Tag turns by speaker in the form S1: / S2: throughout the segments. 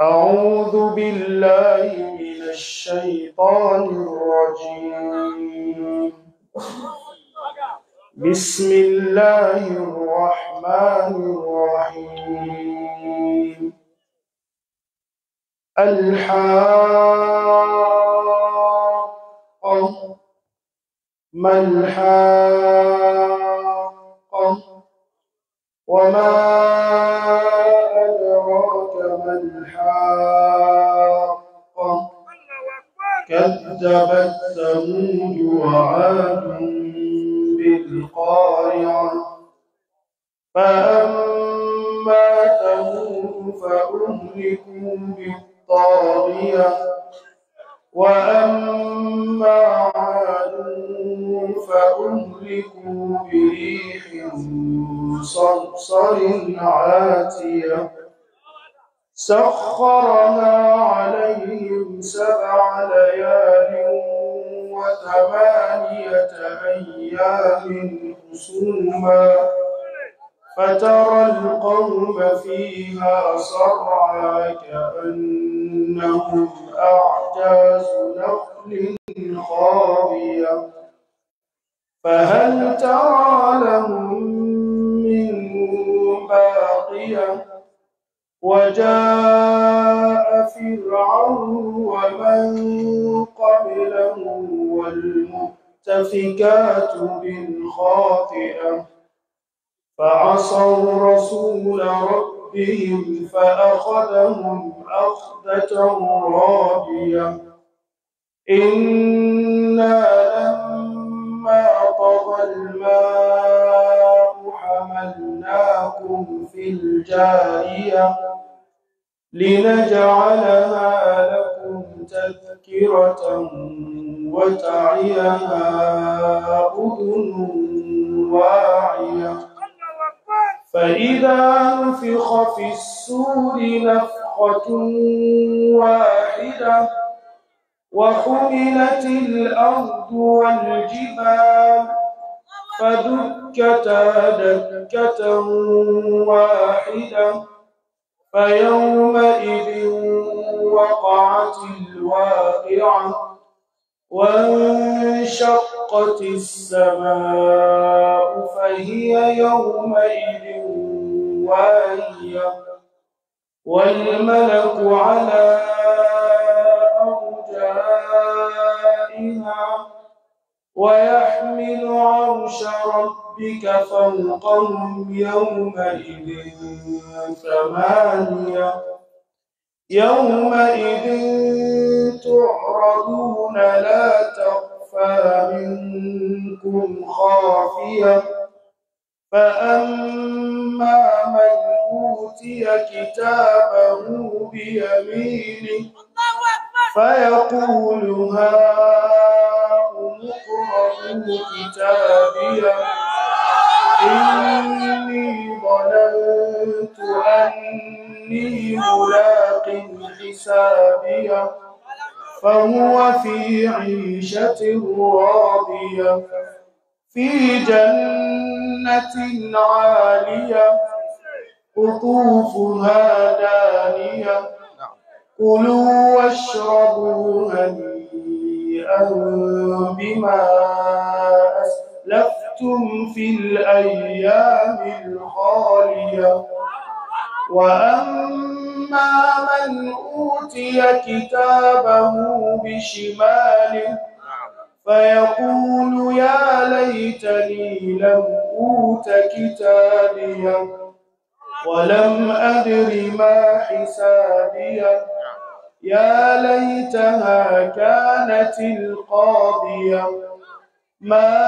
S1: أعوذ بالله من الشيطان الرجيم بسم الله الرحمن الرحيم الحمد ما الحاقة وما أدراك ما الحاقة كذبت ثمود وعاد بالقارعة فأما ثمود فأهلكوا بالطاغية وأما عاد فأهلكوا بريح صرصر عاتية سخرها عليهم سبع ليال وثمانية أيام حسوما فترى القوم فيها صرعى كأنهم أعجاز نخل خاوية فهل ترى لهم من باقية وجاء فرعون ومن قبله والمؤتفكات بالخاطئة فعصوا رسول ربهم فأخذهم أخذة رابية إنا سقط الماء حملناكم في الجارية لنجعلها لكم تذكرة وتعيها أذن واعية فإذا نفخ في السور نفخة واعية وحملت الأرض والجبال فدكتا دكة واحدة فيومئذ وقعت الواقعة وانشقت السماء فهي يومئذ واهية والملك على فيها ويحمل عرش ربك فوقهم يومئذ ثمانية يومئذ تعرضون لا تخفى منكم خافية فأما من أوتي كتابه بيمينه فيقول ها اقرءوا كتابيا إني ظننت أني ملاق حسابيا فهو في عيشة راضية في جنة عالية قطوفها دانيه كلوا واشربوا هنيئا بما أسلفتم في الأيام الخالية وأما من أوتي كتابه بشماله فيقول يا ليتني لم أوت كتابيه ولم أدر ما حسابيه يا ليتها كانت القاضية ما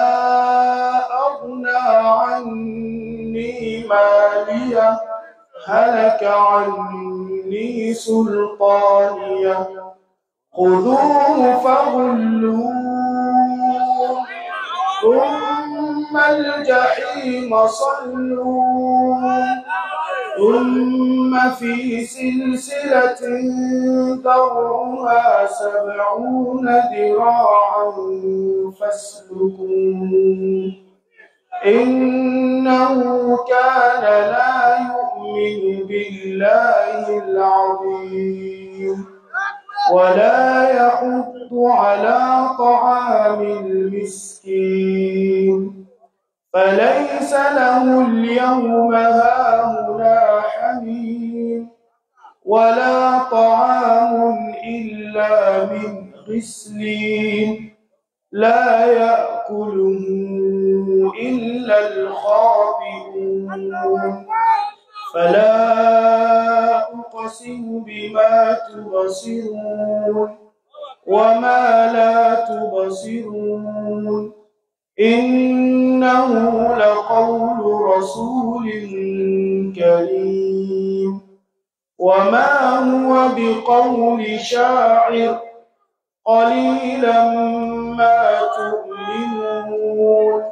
S1: أغنى عني مالية هلك عني سلطانية خذوه فغلوه ثم الجحيم صلوه ثم في سلسلة ذرعها سبعون ذراعا فاسلكوه إنه كان لا يؤمن بالله العظيم ولا يحض على طعام المسكين فليس له اليوم هاهنا ولا طعام إلا من غسلين لا يأكله إلا الخاطئون فلا أقسم بما تبصرون وما لا تبصرون إنه لقول رسول كريم وما هو بقول شاعر قليلا ما تؤمنون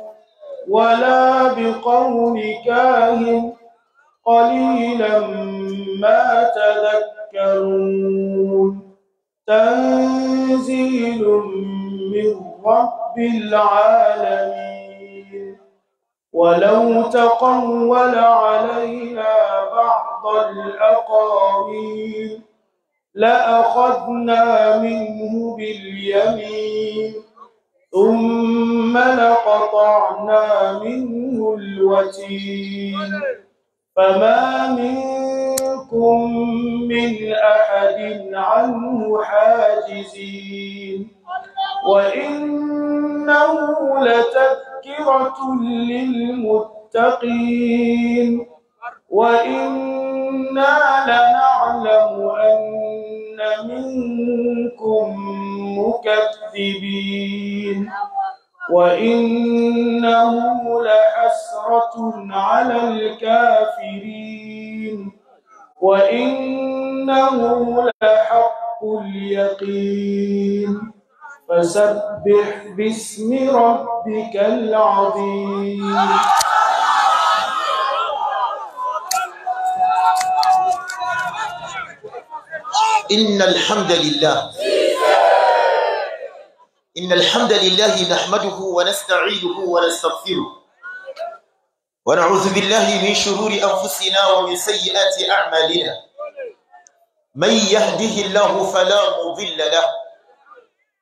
S1: ولا بقول كاهن قليلا ما تذكرون تنزيل من رب العالمين ولو تقول علينا بعض الأقاويل لأخذنا منه باليمين ثم لقطعنا منه الوتين فما منكم من أحد عنه حاجزين وإنه لتذكرة للمتقين وإنا لنعلم أن منكم مكذبين وإنه لحسرة على الكافرين وإنه لحق اليقين فسبح باسم ربك العظيم
S2: إن الحمد لله إن الحمد لله نحمده ونستعينه ونستغفره ونعوذ بالله من شرور أنفسنا ومن سيئات أعمالنا من يهده الله فلا مضل له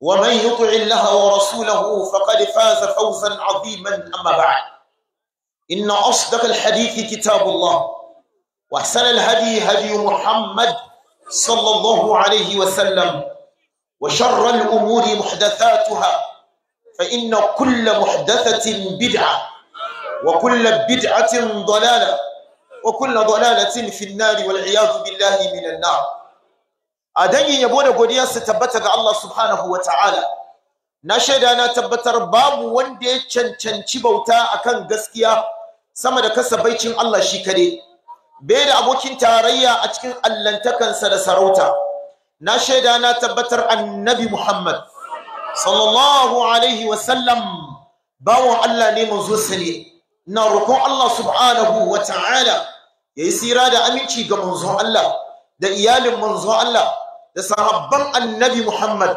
S2: ومن يطع الله ورسوله فقد فاز فوزا عظيما أما بعد إن أصدق الحديث كتاب الله وأحسن الهدي هدي محمد صلى الله عليه وسلم وشر الأمور محدثاتها فإن كل محدثة بدعة وكل بدعة ضلالة وكل ضلالة في النار والعياذ بالله من النار a dangin yabo da godiya su tabbata ga Allah subhanahu wa ta'ala na shaida na tabbatar babu wanda ya cancanci bauta akan gaskiya sama da kasabaicin Allah shi kare bai da abokin tarayya a cikin allantakansa da sarauta na shaida na tabbatar annabi Muhammad sallallahu alaihi wa sallam bawan Allah ne zuwa sani na roƙon Allah subhanahu wa ta'ala yayi sira da aminci ga manzon Allah da iyalin manzon Allah da sahabban annabi Muhammad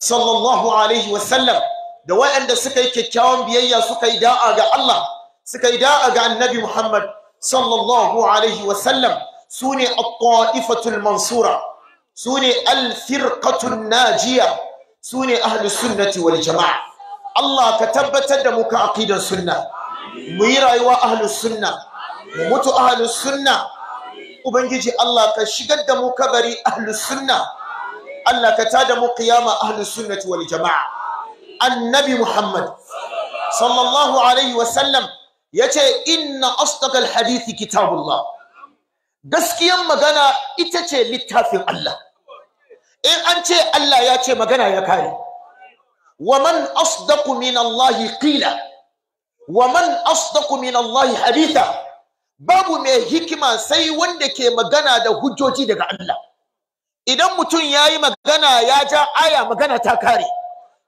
S2: sallallahu alaihi wasallam da waɗanda suka yi kyakkyawan biyayya suka yi da'a ga Allah suka yi da'a ga annabi Muhammad sallallahu alaihi wasallam su ne al-ta'ifatul mansura su ne al-firqatul najiya su ne ahlus sunnati wal jama'a Allah ka tabbatar da muka aqidan sunna mu yi rayuwa ahlus sunna mu mutu ahlus sunna ubangiji Allah ka shigar da mu kabari ahlus sunna Allah ka tada mu qiyama ahlus sunnati wal jamaa annabi Muhammad sallallahu alaihi wa sallam yace inna asdaqal hadithi kitabullah gaskiyan magana ita ce littafin Allah in an ce Allah ya ce magana ya kare wa man asdaqu min Allah qila wa man asdaqu min Allah haditha babu mai hikima sai wanda ke magana da hujjoji daga Allah idan mutum ya yi magana ya ja aya magana ta kare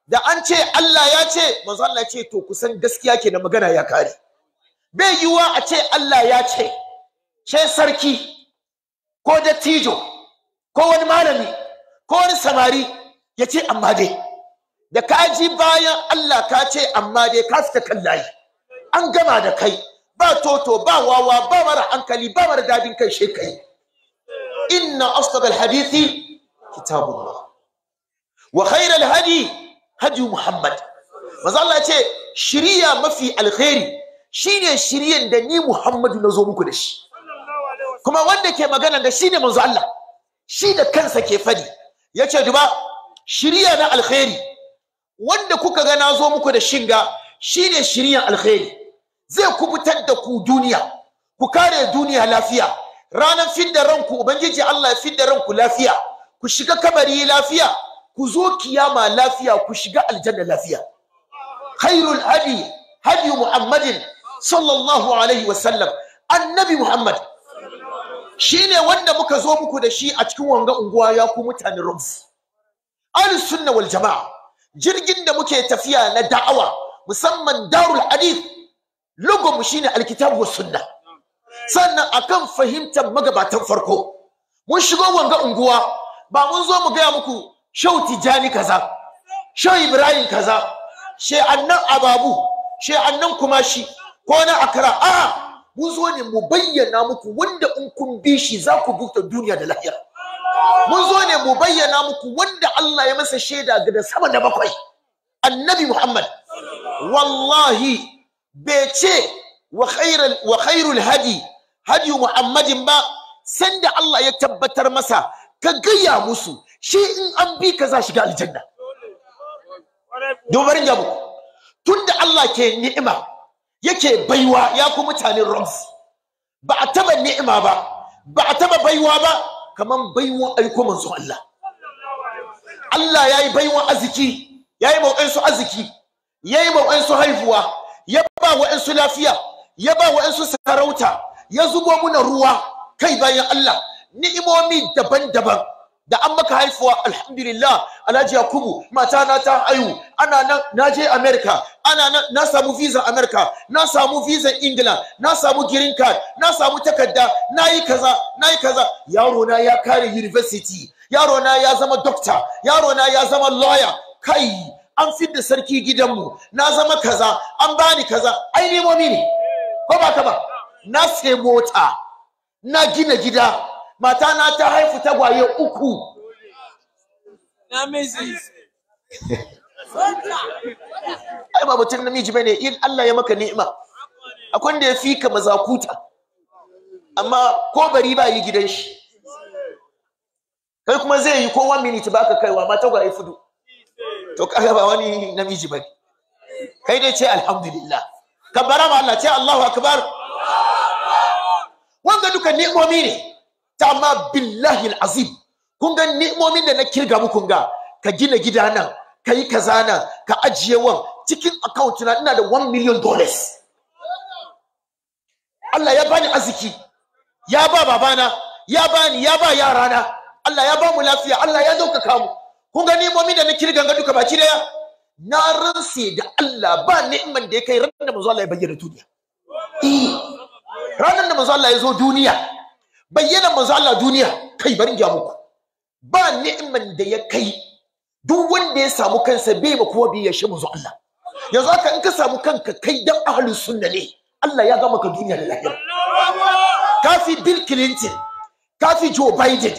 S2: da an ce Allah ya ce Allah ce to kusan gaskiya ke da magana ya kare bai yiwuwa a ce Allah ya ce ce sarki ko dattijo ko wani malami ko wani samari ya ce amma dai da ka ji bayan Allah ka ce amma dai ka fita kallaye an gama da kai ba toto ba wawa ba mara hankali ba mara dadin kai shi kai inna asdaqal hadithi kitabullah wa khairal hadi hadi muhammad manzo Allah ce shiriya mafi alkhairi shine shiriyan da ni muhammadu nazo muku da shi kuma wanda ke magana da shine manzo Allah shi da kansa ke fadi yace duba shiriya na alkhairi wanda kuka ga nazo muku da shinga shine shiriyan alkhairi zai kubutar da ku duniya ku kare duniya lafiya ranar fidda ranku ubangiji Allah ya fidda ranku lafiya ku shiga kabari lafiya ku zo kiyama lafiya ku shiga aljanna lafiya khairul hadi hadi muhammadin sallallahu alaihi wasallam annabi muhammad shine wanda muka zo muku da shi a cikin wanga unguwa ya ku mutanen rumf ahlus sunna wal jamaa jirgin da muke tafiya na da'awa musamman darul hadith mu shine alkitabu was sunna sannan akan fahimtar magabatan farko mun shigo wanga unguwa ba mun zo mu gaya muku shau tijani kaza shau ibrahim kaza she annan ababu she annan kumashi ko na akara a mun zo ne mu bayyana muku wanda in kun bi shi za ku bukta duniya da lahira mun zo ne mu bayyana muku wanda Allah ya masa shaida ga da sama da bakwai annabi muhammad wallahi bai ce wa khairul hadi hadi muhammadin ba sanda Allah ya tabbatar masa ka gayya musu shi in an bi ka za shiga aljanna dobarin jabu tunda Allah ke ni'ima yake baiwa ya ku mutanen Roms ba a taba ni'ima ba ba a taba baiwa ba kaman baiwan aiko manzo Allah Allah yayi baiwan aziki yayi mau'in aziki yayi mau'in haifuwa ya ba wa'ansu lafiya ya ba waɗansu sarauta ya zubo muna ruwa kai bayan Allah ni'imomi daban-daban da an maka haifuwa alhamdulillah alhaji yakubu mata na ta haihu ana nan na je america ana nan na samu visa america na samu visa ingila na samu green card na samu takarda na yi kaza na yi kaza yaro na ya kare university yaro na ya zama doctor yaro na ya zama lawyer kai an fidda sarki gidanmu na zama kaza an bani kaza ai nemo ne ko ba ka ba na sai mota na gina gida mata na ta haifu tagwaye uku na mrs ai ba mutum namiji bane in Allah ya maka ni'ima akwai wanda ya fika mazakuta amma ko bari ba yi gidan shi kai kuma zai yi ko 1 minute baka kaiwa mata gwaye fudu to kaga ba wani namiji bane kai dai ce alhamdulillah bara ma Allah ce Allahu akbar wanga duka ni'imomi ne ta amma billahi alazim kun ga ni'imomin da na kirga muku ga ka gina gida nan ka yi kaza nan ka ajiye wan cikin account na ina da 1 million dollars Allah ya bani arziki ya ba babana ya bani ya ba yarana Allah ya ba mu lafiya Allah ya dauka kamu. kun ga ni'imomin da na kirganga duka baki daya na rantse da Allah ba ni'iman da ya kai ranar da manzo Allah ya bayyana duniya e, ranar da manzo Allah ya zo duniya bayyana manzo Allah duniya kai barin ga muku ba ni'iman da ya kai duk wanda ya samu kansa bai ba kowa bai yashi manzo Allah yanzu haka in ka samu kanka kai dan ahlus sunna ne Allah ya gama ka duniya da lahira kafi Bill Clinton kafi Joe Biden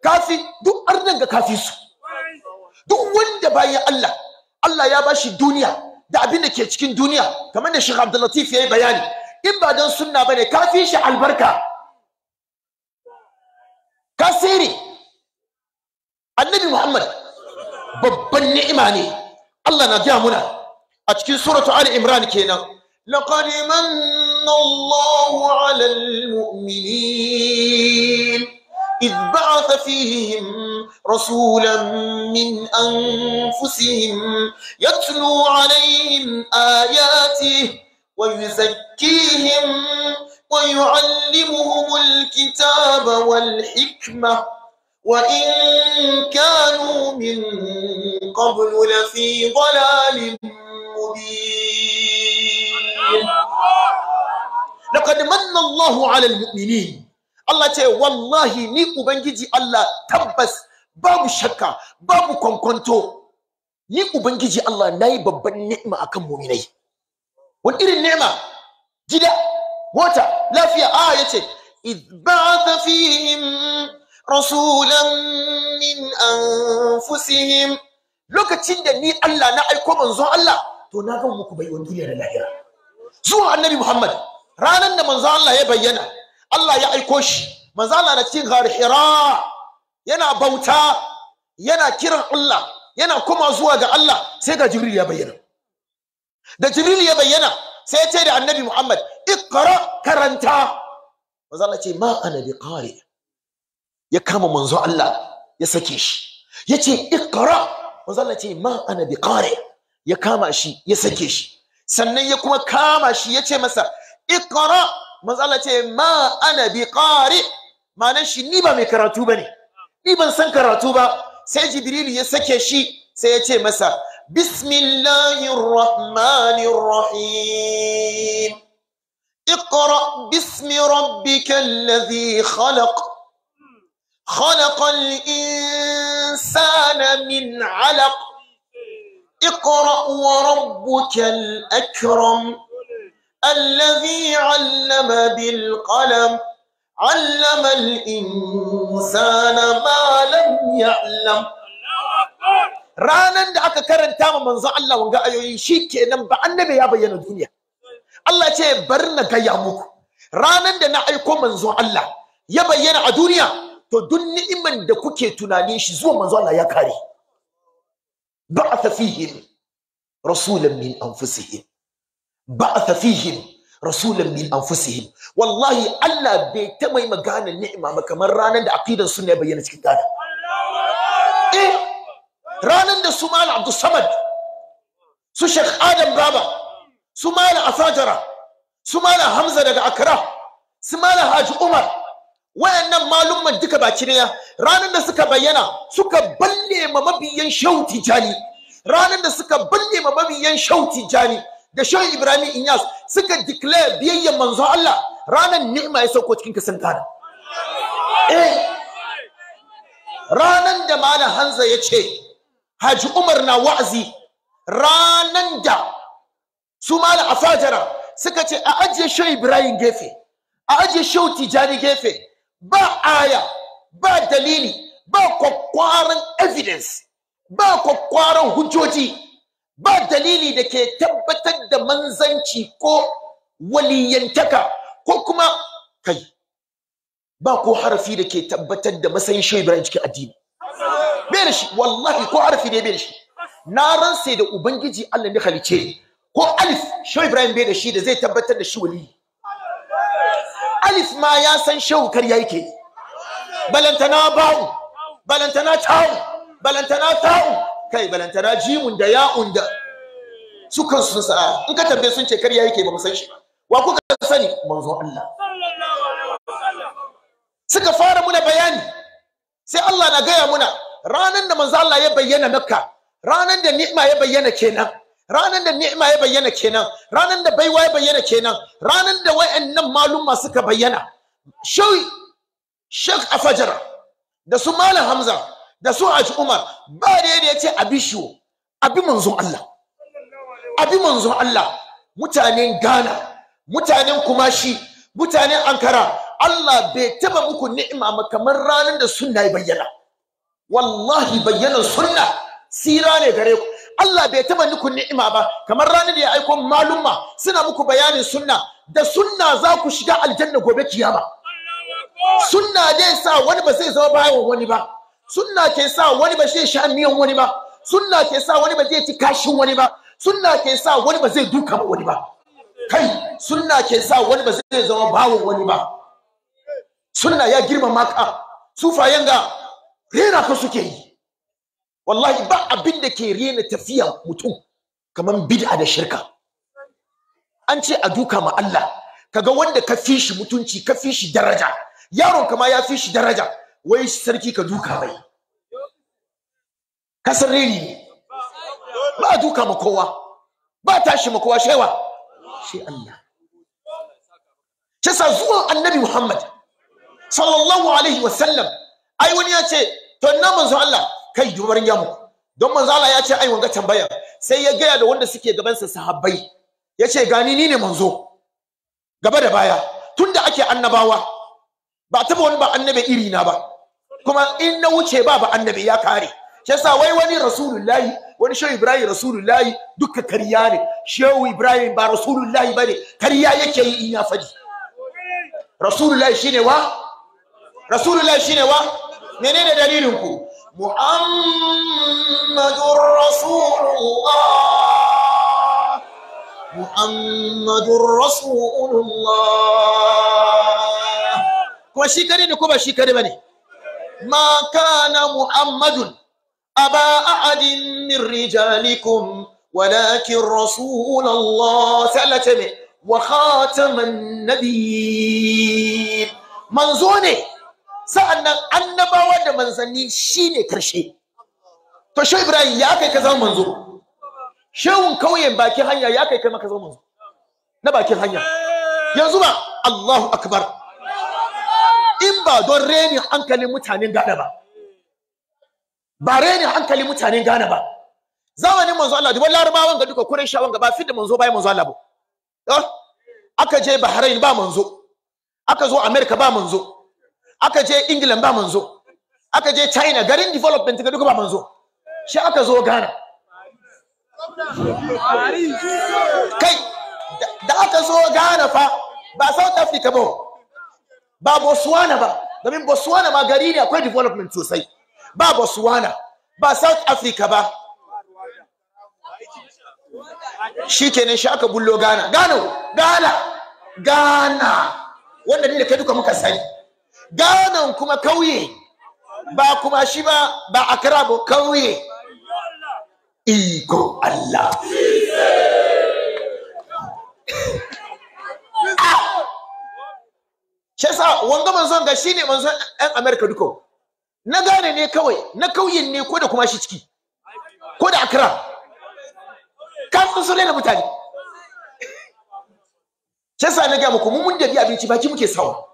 S2: kafi duk arnan ga kafi su duk wanda bayan Allah Allah ya bashi duniya da abin da ke cikin duniya kamar da Sheikh Abdul Latif yi bayani in ba don sunna bane ka fi shi albarka kasiri annabi Muhammad babban ni'ima ne Allah na gaya muna a cikin suratu Ali Imran kenan laqad manna Allahu 'alal mu'minin إذ بعث فيهم رسولا من أنفسهم يتلو عليهم آياته ويزكيهم ويعلمهم الكتاب والحكمة وإن كانوا من قبل لفي ضلال
S3: مبين
S2: لقد من الله على المؤمنين Allah ce wallahi ni ubangiji Allah tabbas babu shakka babu kwankwanto ni ubangiji Allah nayi babban ni'ima akan mu'minai wani irin ni'ima gida mota lafiya a yace id ba'atha fihim rasulan min anfusihim lokacin da ni Allah na aiko manzo Allah to na ga muku bai wani duniya da lahira zuwa annabi Muhammad ranan da manzon Allah ya bayyana Allah ya aiko shi manzo Allah cikin ghar hira yana bauta yana kiran Allah yana kuma zuwa ga Allah sai ga Jibril ya bayyana da Jibril ya bayyana sai ya ce da Annabi Muhammad iqra karanta manzo Allah ce ma ana biqari ya kama manzo Allah ya sake shi yace iqra manzo Allah ce ma ana biqari ya kama shi ya sake shi sannan ya kuma kama shi ya ce masa iqra manzo Allah ce ma ana bi qari ma'anar shi ni ba mai karatu bane ni ban san karatu ba sai jibrilu ya sake shi sai ya ce masa bismillahir rahmanir rahim اقرأ باسم ربك الذي خلق خلق الإنسان من علق اقرأ وربك الأكرم الذي علم بالقلم علم الإنسان ما لم يعلم ranan da aka karanta ma manzo Allah wanga ayoyi shikenan ba annabi ya bayyana duniya Allah ce bar na gaya muku ranan da na aiko manzo Allah ya bayyana a duniya to duk ni'iman da kuke tunani shi zuwa manzo Allah ya kare ba'atha fihim rasulan min anfusihim ba'atha fihim rasulan min anfusihim wallahi Allah bai ta mai magana ni'ima ba kamar ranar da aqidan sunna ya bayyana cikin gana eh ranar da su mal Abdul Samad su Sheikh Adam Baba su mal Afajara su mal Hamza daga Accra su mal Haji Umar wayannan malumman duka baki daya ranar da suka bayyana suka balle ma mabiyan shauti jani. ranar da suka balle ma mabiyan shauti jani. da shan Ibrahim Inyas suka declare biyayyen manzo Allah ranan ni'ima ya sauko cikin kasan Ghana eh, ranan da malam Hanza ya ce Haji Umar na wa'azi ranan da su malam asajara suka ce a ajiye shan Ibrahim gefe a ajiye shan Tijani gefe ba aya ba dalili ba kwakwaran evidence ba kwakwaran hujjoji ba dalili da ke tabbatar da manzanci ko waliyantaka ko kuma kai ba ko harafi da ke tabbatar da matsayin shehu ibrahim cikin addini bai da shi wallahi ko harafi ne bai da shi na ransa da ubangiji allah ne halice ko alif shehu ibrahim bai da shi da zai tabbatar da shi wali alif ma ya san shehu kar yake ke balantana bawu balantana tawu balantana tawu kai balantana jimun da ya'un da su sun sa'a in ka tambaye sun ce karya yake ba mu san shi ba wa kuka sani manzon Allah suka fara muna bayani sai Allah na gaya muna ranan da manzo Allah ya bayyana Makka ranan da ni'ima ya bayyana kenan ranan da ni'ima ya bayyana kenan ranan da baiwa ya bayyana kenan ranan da wayannan maluma suka bayyana shawi Afajar Afajara da su Malam Hamza da su a umar ba da yadda ya ce abi shiwo abi manzon Allah abi manzon Allah mutanen Ghana mutanen Kumashi mutanen Ankara Allah bai taba muku ni'ima kamar ranar da sunna ya bayyana wallahi bayyana sunna sira ne gare ku Allah bai taba muku ni'ima ba kamar ranar da ya aiko maluma suna muku bayanin sunna da sunna za ku shiga aljanna gobe kiyama sunna dai sa wani ba zai zama bayan wani ba sunna ke sa wani ba zai sha miyan wani ba sunna ke sa wani ba zai ci kashin wani ba sunna ke sa wani ba zai duka ba wani ba kai sunna ke sa wani ba zai zama bawon wani ba sunna ya girmama ka sufayen ga rera ka suke yi wallahi ba abin da ke rena tafiya mutum kamar bid'a da shirka an ce a duka ma Allah kaga wanda ka fi shi mutunci ka fishi daraja yaron kama ya fi shi daraja wai sarki ka duka bai kasar reli ne ba duka ma kowa ba tashi ma kowa shewa shi Allah Kisa zuwan annabi Muhammad sallallahu alaihi wa sallam ai wani ya ce to na manzo Allah kai dubarin ya don manzo Allah ya ce ai wanga tambaya sai ya gaya da wanda suke gaban sa sahabbai ya ce gani ni ne manzo gaba da baya tunda ake annabawa ba taba wani ba annabi iri na ba kuma in na wuce ba ba annabi ya kare shi yasa wai wani rasulullahi wani shehu ibrahim rasulullahi duka karya ne shehu ibrahim ba rasulullahi bane karya yake yi in ya faɗi. rasulullahi shine wa rasulullahi shine wa menene dalilin ku muhammadur rasulullah muhammadur rasulullah ko shi kare ne ko ba shi kare ba ne ma kana muhammadun aba ahadin min rijalikum walakin rasulullah sallata me wa khataman nabi manzo ne sa'annan annabawa da manzanni shine karshe to shi ibrahim ya kai ka zama manzo shehun kauyen bakin hanya ya kai kai maka zama manzo na bakin hanya yanzu ba Allahu akbar in ba don renin hankalin mutanen Ghana ba ba renin hankalin mutanen Ghana ba zamanin manzo Allah duban larabawan ga duka Qurayshawan ga ba fi da manzo bai manzo Allah ba eh? aka je Bahrain ba manzo aka zo America ba manzo aka je England ba manzo aka je China garin development ga duka ba manzo shi aka zo Ghana kai da aka zo Ghana fa ba South Africa ba ba Botswana ba domin Botswana ma gari ne akwai development sosai ba Botswana ba South Africa ba shikenan shi aka bullo Ghana Ghana Ghana Ghana wanda ne kai duka muka sani Ghana kuma kauye ba kuma shi ba ba Accra ba kauye iko Allah shi yasa wanga manzon ga shine manzon ɗan Amerika duka na gane ne kawai na kauyen ne ko da kuma shi ciki ko da Accra kafin su na mutane shi yasa na ga muku mu mun da abinci baki muke sawa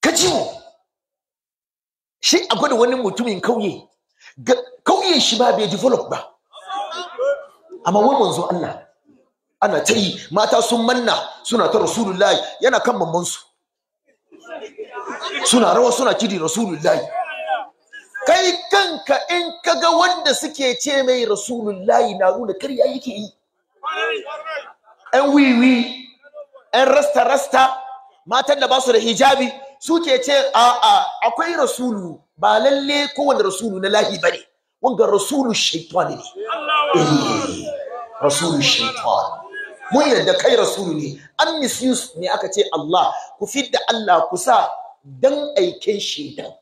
S2: ka ji shi a gwada wani mutumin kauye kauyen shi ba bai develop ba amma wani manzo Allah ana ta yi mata sun manna suna ta rasulullahi yana kan mamansu. suna rawa suna kidi rasulullahi kai kanka in kaga wanda suke ce mai rasulullahi na nuna karya yake yi yan wiwi yan rasta rasta matan da basu da hijabi suke ce a'a akwai rasulu ba lalle kowane rasulu na lahi bane wanga rasulu shaitani ne
S3: eh,
S2: rasulu shaitani mun yarda kai rasulu ne an misuse ne aka ce Allah ku fidda Allah ku sa dan aiken shedan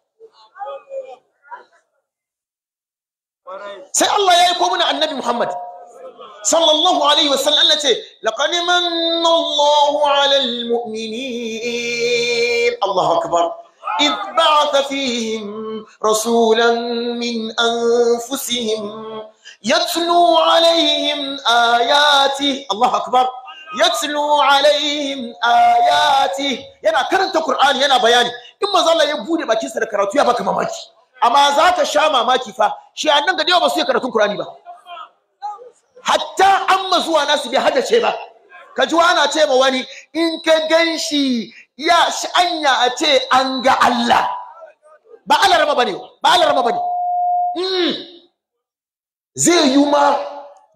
S2: sai Allah ya aiko mana annabi Muhammad sallallahu alaihi wasallam Allah ce laqad manna Allahu ala almu'minin Allahu akbar إذ بعث فيهم رسولا من أنفسهم يتلو عليهم آياته الله أكبر yatlu ayati yana karanta qur'ani yana bayani in manzo Allah ya bude bakin da karatu ya baka mamaki amma zaka sha mamaki fa shi annan ga yawa ba su karatun qur'ani ba hatta amma zuwa nasu bai hadace ba ka ji ana ce ma wani in ka ganshi ya shi anya a ce an ga Allah ba bane ba alarma bane zai yi ma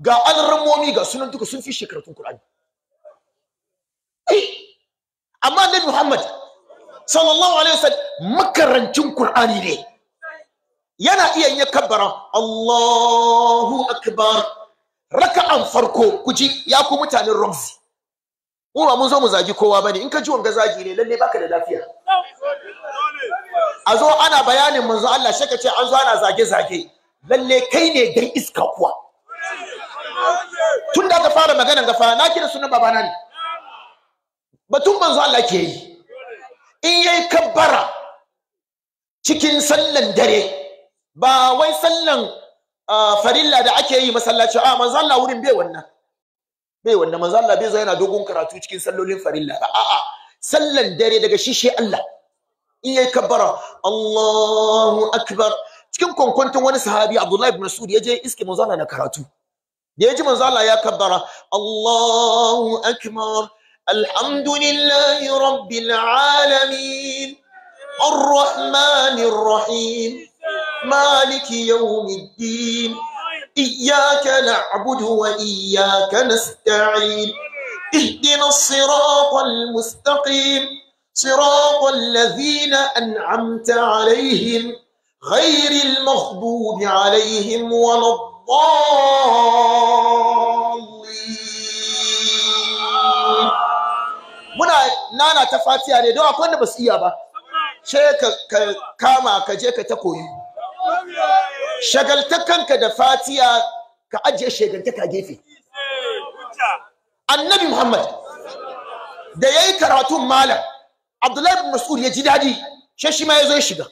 S2: ga alramomi ga sunan duka sun fi shekaratun Kur'ani. Eh, amma Annabi Muhammad sallallahu alaihi wasallam makarancin Kur'ani ne yana iya yin kabbara Allahu akbar raka'an farko kuji ya ku mutanen Romsi mu ba mun zo mu zagi kowa bane in ka ji wanga zagi ne lalle baka da lafiya a zo ana bayanin manzo Allah ka ce an zo ana zage zage lalle kai ne dan iska kuwa tun da ka fara maganan gafa na kira sunan babana ne batun manzo Allah ke yi in yayi kabbara cikin sallan dare ba wai sallan farilla da ake yi masallaci a manzo Allah wurin bai wannan bai wannan manzo Allah bai zo yana dogon karatu cikin sallolin farilla ba a'a sallan dare daga shi shi Allah in yayi kabbara Allahu akbar cikin kwankwanton wani sahabi Abdullahi ibn Mas'ud je iske manzo Allah na karatu da ya manzo Allah ya kabbara Allahu akbar alhamdulillahi rabbil alamin arrahmanir rahim maliki yawmiddin إياك نعبد وإياك نستعين اهدنا الصراط المستقيم صراط الذين أنعمت عليهم غير المغضوب عليهم ولا muna nana ta fatiya ne don akwai wanda ba su iya ba ce ka kama ka je ka ta koyi shagaltakanka da fatiya ka ajiye shagantaka gefe annabi muhammad da ya yi karatun malam abdullahi bin mas'ud ya ji daɗi shi shi ma ya zo ya shiga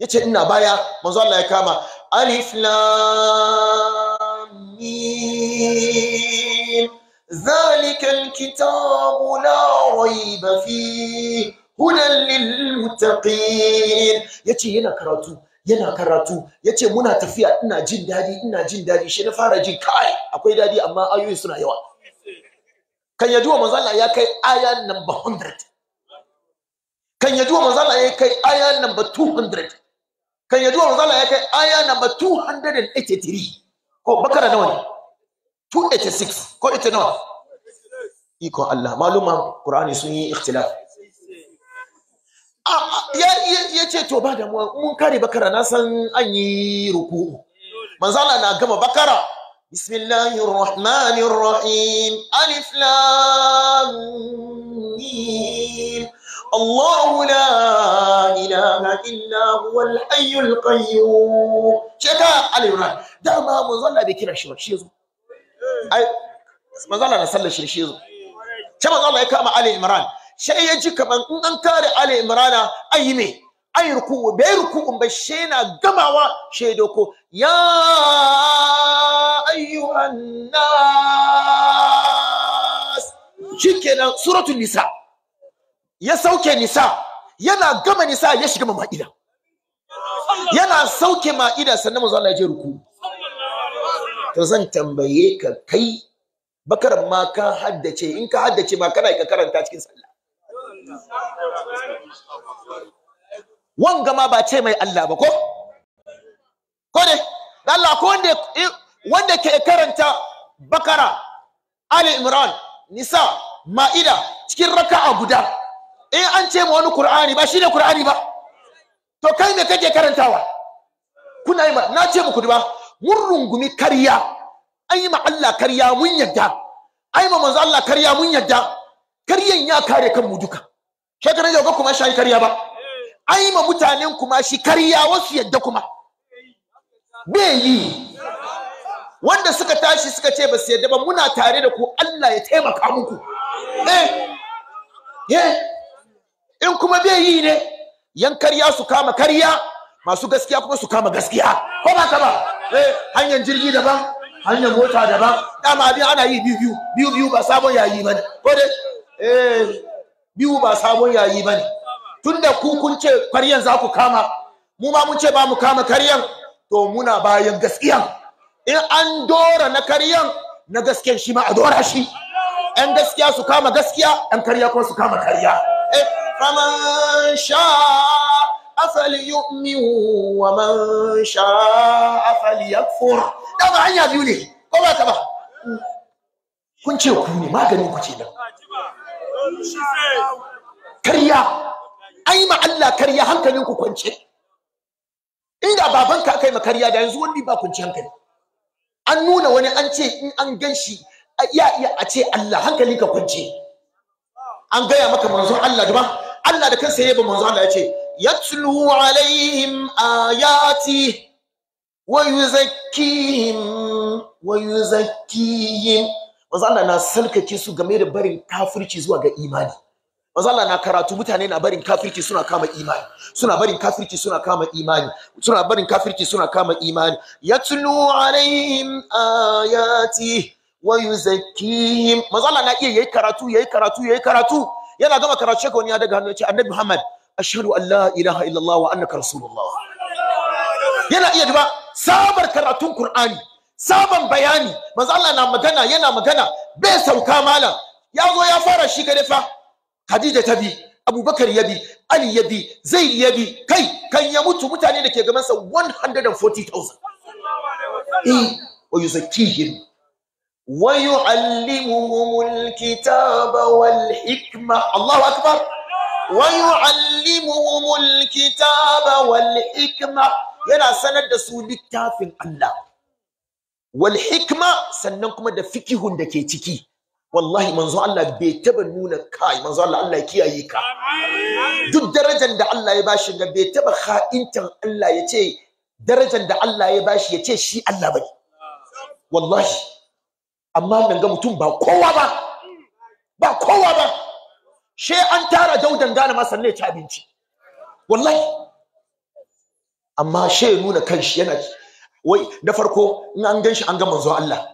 S2: yace ina baya manzo Allah ya kama alif lam mim zalika alkitabu la rayba fi hudan lilmuttaqin yace yana karatu yana karatu yace muna tafiya ina jin dadi ina jin dadi shi na fara jin kai akwai dadi amma ayoyi suna yawa kan yaduwa manzo Allah ya kai aya number 100 kan yaduwa manzo Allah ya kai aya number 200 kan yaduwa manzala ya kai aya number 283 ko bakara nawa ne 286 ko ita nawa iko Allah maluma Qur'ani sun yi ikhtilaf ah, ah, ya ce to ba damuwa mun kare bakara na san an yi ruku'u manzala na gama bakara bismillahir rahmanir rahim alif lam mim الله لا إله إلا هو الحي القيوم شكا علي عمران دعما ما ظل بكرة شيء شيزو أي ما ظل أنا صلى شيء شيزو كما ظل يكام علي عمران شيء يجي كمان أنكار علي عمران أي مي أي ركوع بأي ركوع بشينا جماعة شيء دوكو يا أيها الناس شكرا سورة النساء ya sauke nisa yana gama nisa ya shiga ma'ida yana sauke ma'ida sannan manzo Allah ya je ruku to zan tambaye ka kai bakar ma ka haddace in ka haddace ma kana ka karanta cikin sallah wanga ma ba ce mai Allah ba ko ko ne Allah ko wanda wanda ke karanta bakara ali imran nisa ma'ida cikin raka'a guda in eh, an ce mu wani qur'ani ba shine qur'ani ba to kai me kake karantawa kuna yi na ce muku duba mun rungumi karya an yi ma Allah karya mun yadda ai ma manzo Allah karya mun yadda karyan ya kare kan mu duka shekaran kana ga kuma shi karya ba ai ma mutanen kuma shi karya wasu yadda kuma bai yi wanda suka tashi suka ce ba su yadda ba muna tare da ku Allah ya taimaka muku eh eh in kuma bai yi ne yan karya su kama karya masu gaskiya kuma su kama gaskiya ko ba ka ba eh hanyar jirgi daban hanyar mota daban dama abin ana yi biyu biyu biyu biyu ba sabon yayi bane ko dai eh biyu ba sabon yayi bane tunda ku kun ce karyan za ku kama mu ma mun ce ba mu kama karyan to muna bayan gaskiyan in an dora na karyan na gaskiyan shi ma a dora shi 'yan gaskiya su kama gaskiya 'yan karya kuma su kama karya eh فمن شاء فليؤمن ومن شاء فليكفر dama hanya biyu ne ko ba ta ba kun ce ku ne maganin ku ce nan karya ai ma Allah karya hankalin ku kwance inda ka kai ma karya da yanzu wani ba kwance hankali an nuna wani an ce in an ganshi ya iya a ce Allah hankalin ka kwance an gaya maka manzon Allah da ba Allah da kansa ya ba manzo Allah ya ce yatlu alaihim ayati wa yuzakkihim wa yuzakkihim manzo Allah na salkake su game da barin kafirci zuwa ga imani manzo Allah na karatu mutane na barin kafirci suna kama imani suna barin kafirci suna kama imani suna barin kafirci suna kama imani yatlu alaihim ayati wa yuzakkihim manzo Allah na iya yayi karatu yayi karatu yayi karatu yana gama karatu shekau ya daga hannu ya ce annabi muhammad ashhadu an la ilaha illallah wa annaka rasulullah yana iya duba sabar karatun qur'ani saban bayani manzo Allah na magana yana magana bai sauka malam ya zo ya fara shi kare fa Khadija ta bi Abubakar ya bi Ali ya bi Zaid ya bi kai kan ya mutu mutane da ke gaban sa 140,000 eh wa yuzakkihim ويعلمهم الكتاب والحكمة الله أكبر ويعلمهم الكتاب والحكمة yana sanar da su littafin Allah wal hikma sannan kuma da fikihun da ke ciki wallahi manzo Allah bai taba nuna kai manzo Allah Allah ya kiyaye ka duk darajar da Allah ya bashi ga bai taba kha'intan Allah ya ce darajar da Allah ya bashi ya ce shi Allah bane amma nan ga mutum ba kowa ba ba kowa ba she an tara daudan gane ma sannan ci abinci wallahi amma she nuna kanshi yana wai da farko in an ganshi an ga manzo Allah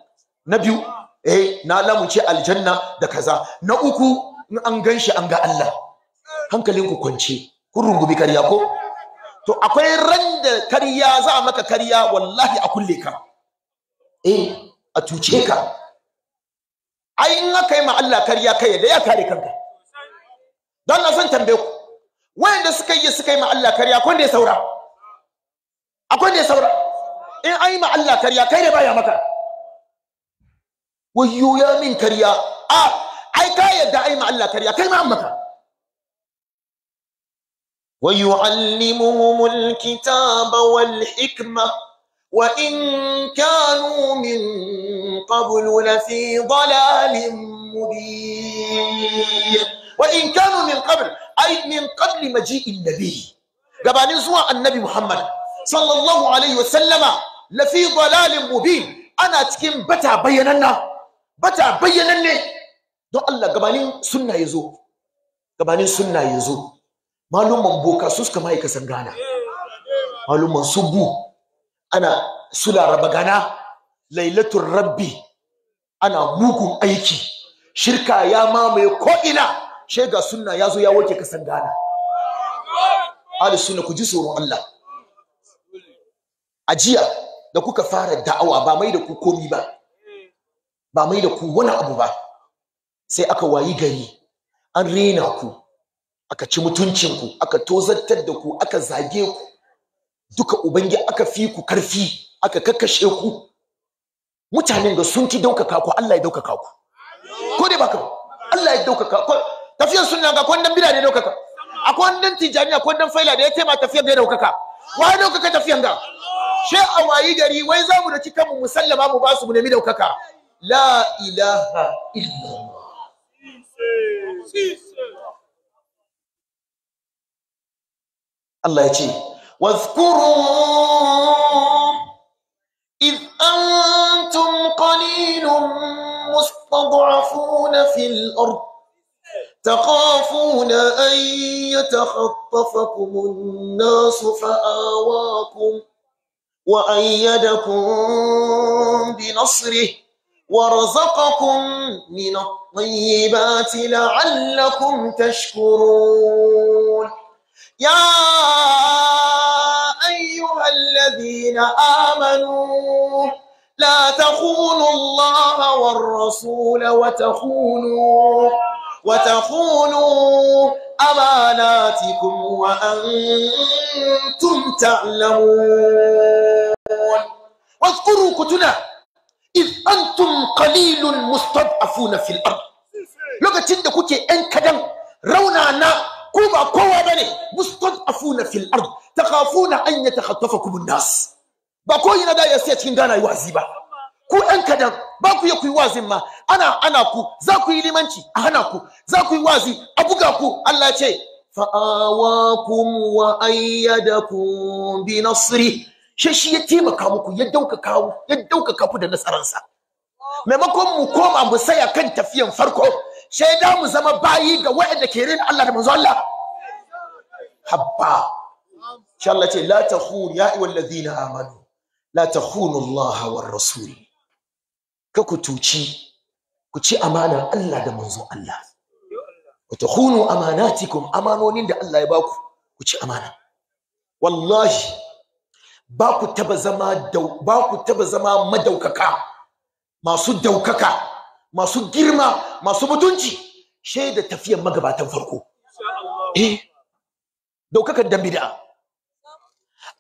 S2: na biyu eh na ce aljanna da kaza na uku in an ganshi an ga Allah hankalinku kwance kun rungumi karya ko to akwai ran da karya za maka karya wallahi a kulle ka eh a tuce ka ai in aka yi ma Allah kariya kai da ya kare kanka don na zan tambaye ku wayanda suka yi suka yi ma Allah kariya akwai da ya saura akwai da ya saura in an ma Allah kariya kai da baya maka wayyo ya min kariya a ai ka yadda ai ma Allah kariya kai ma an maka ويعلمهم الكتاب hikma. وإن كانوا من قبل لفي ضلال مبين وإن كانوا من قبل أي من قبل مجيء النبي قبل زوا النبي محمد صلى الله عليه وسلم لفي ضلال مبين أنا تكين بتا بيننا بتا بيننا don Allah gabanin sunna ya zo gabanin sunna ya zo malumman boka su suka ma'aikatan gana malumman subu ana sula rabagana lailatul rabbi ana mugun aiki shirka ya mamaye ko ina shega sunna ya zo ya wanke kasan gana ahli suna ku ji tsoron Allah jiya da kuka fara da'awa ba mai da ku komi ba ba mai da ku wani abu ba sai aka wayi gari an rena ku aka ci mutuncin ku aka tozartar da ku aka zage ku duka ubangi aka fi ku karfi aka kakkashe ku mutanen da sun ci daukaka ku Allah ya daukaka ku ko dai baka Allah ya daukaka ku tafiyar sunna ga kwandan bida ne daukaka akwai wannan tijani a dan faila da ya taimaka tafiyar da ya daukaka dauka daukaka tafiyar ga she a wayi gari wai za mu da cikan mu musallama mu ba su mu nemi daukaka la ilaha illallah Allah ya ce واذكروا إذ أنتم قليل مستضعفون في الأرض تخافون أن يتخطفكم الناس فآواكم وأيدكم بنصره ورزقكم من الطيبات لعلكم تشكرون يا أيها الذين آمنوا لا تخونوا الله والرسول وتخونوا وتخونوا أماناتكم وأنتم تعلمون واذكروا كتنا إذ أنتم قليل مستضعفون في الأرض لغة تندكوكي أنكدن رونانا ku ba kowa bane mustad'afuna fil ard takhafuna an yatakhatafakum an-nas ba ko ina da ya siya cikin gana yi wazi ba ku ɗan kadan ba ku yi ku yi wazin ma ana ana ku za ku yi limanci a hana ku za ku yi wazi a buga ku Allah ce fa'awakum wa ayyadakum bi nasri shi shi ya taimaka muku ya daukaka ya daukaka ku da nasararsa maimakon mu koma mu saya kan tafiyan farko shaida mu zama bayi ga waɗanda ke rena Allah da manzo Allah habba insha Allah ce la takhun ya ayyuhal ladina amanu la takhunu Allah war rasul ka ku tuci ku ci amana Allah da manzo Allah ku takhunu amanatikum amanonin da Allah ya baku ku ci amana wallahi ba ku taba zama ba ku taba zama madaukaka masu daukaka masu girma masu mutunci shaida tafiyar magabatan farko eh daukakar dan bid'a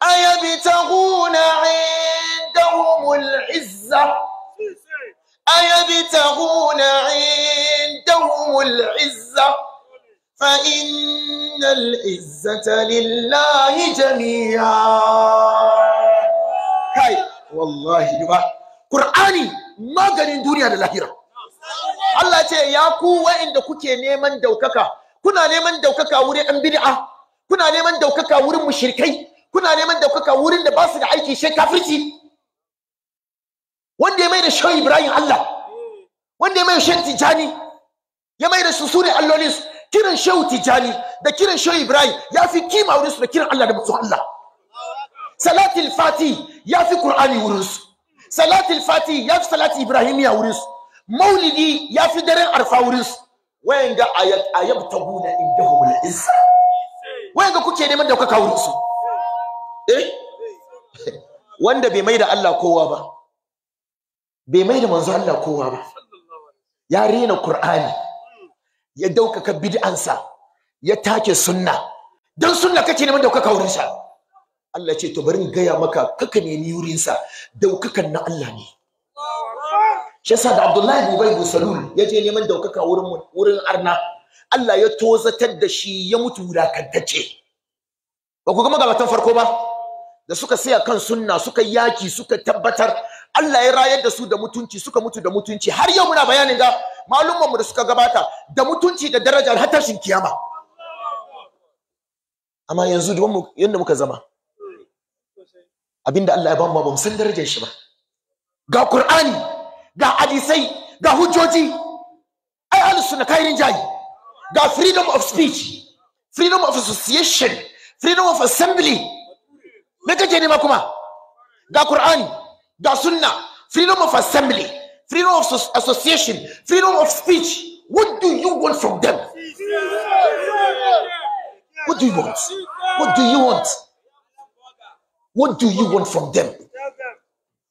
S2: ayabtaguna indahumul izza inda indahumul izza fa innal lillahi jami'a kai wallahi ba qur'ani maganin duniya da lahira Allah ce ya ku wa'inda kuke neman daukaka kuna neman daukaka wurin an bid'a kuna neman daukaka wurin mushrikai kuna neman daukaka wurin da ba su da aiki shi kafirci wanda ya mai da shehu Ibrahim Allah wanda ya mai da Tijani ya mai da su sune allolin su kiran shehu Tijani da kiran shehu Ibrahim ya fi kima wurin su da kiran Allah da mutum Allah salatul fati ya fi Qur'ani wurin su salatul fati ya fi salati Ibrahimiya wurin su maulidi ya fi daren arfa wurinsu wayan ga ayab ta guna inda humul isa wayan ga kuke neman daukaka wurinsu eh wanda bai mai da Allah kowa ba bai mai da manzo Allah kowa ba ya rena Qur'ani ya daukaka bid'ansa ya take sunna dan sunna kake neman daukaka wurinsa Allah ce to bari in gaya maka kaka ne ni wurinsa daukakan na Allah ne shi yasa da Abdullahi Ubay bin Salul ya je neman daukaka wurin wurin arna Allah ya tozatar da shi ya mutu wulakantacce ba ku ga magabatan farko ba da suka saya kan sunna suka yaki suka tabbatar Allah ya rayar da su da mutunci suka mutu da mutunci har yau muna bayanin ga malumman mu da suka gabata da mutunci da daraja har tashin kiyama amma yanzu mu yanda muka zama abinda Allah ya bamu ba mu san darajar shi ba ga Qur'ani ga hadisai ga hujjoji ai ahlus sunna kai rinjayi ga freedom of speech freedom of association freedom of assembly me kake nema kuma ga qur'ani ga sunna freedom of assembly freedom of association freedom of speech what do you want from them what do you want what do you want what do you want from them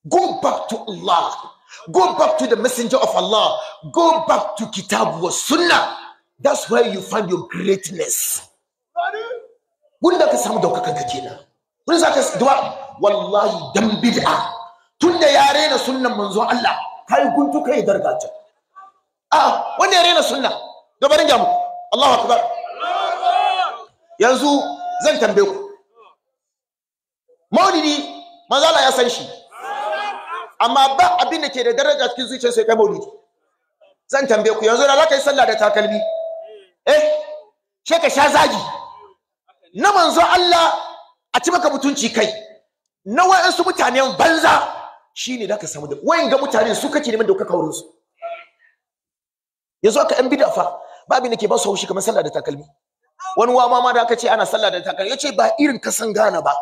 S2: go back to allah Go back to the messenger of Allah. Go back to Kitab wa Sunnah. That's where you find your greatness. Wunda ka samu daukakan ka kenan. Wunda za ka duwa wallahi dan bid'a. Tunda ya rena sunnan manzo Allah, kai guntu kai dargata. Ah, wanda ya rena sunna, da barin ga Allahu akbar. Yanzu zan tambaye ku. Maulidi manzo Allah ya san shi. amma ba abin da ke da daraja cikin zuciyar sai kai maulidi zan tambaye ku yanzu da zaka yi sallah da takalmi eh sai ka sha zagi na manzo Allah a ci maka mutunci kai na wayansu mutanen banza shine da ka samu da wayan ga mutane su kake neman doka kawo su yanzu aka yan bid'a fa ba abin da ke ba su haushi kamar sallah da takalmi wani wa mama da aka ce ana sallah da takalmi yace ba irin kasan gana ba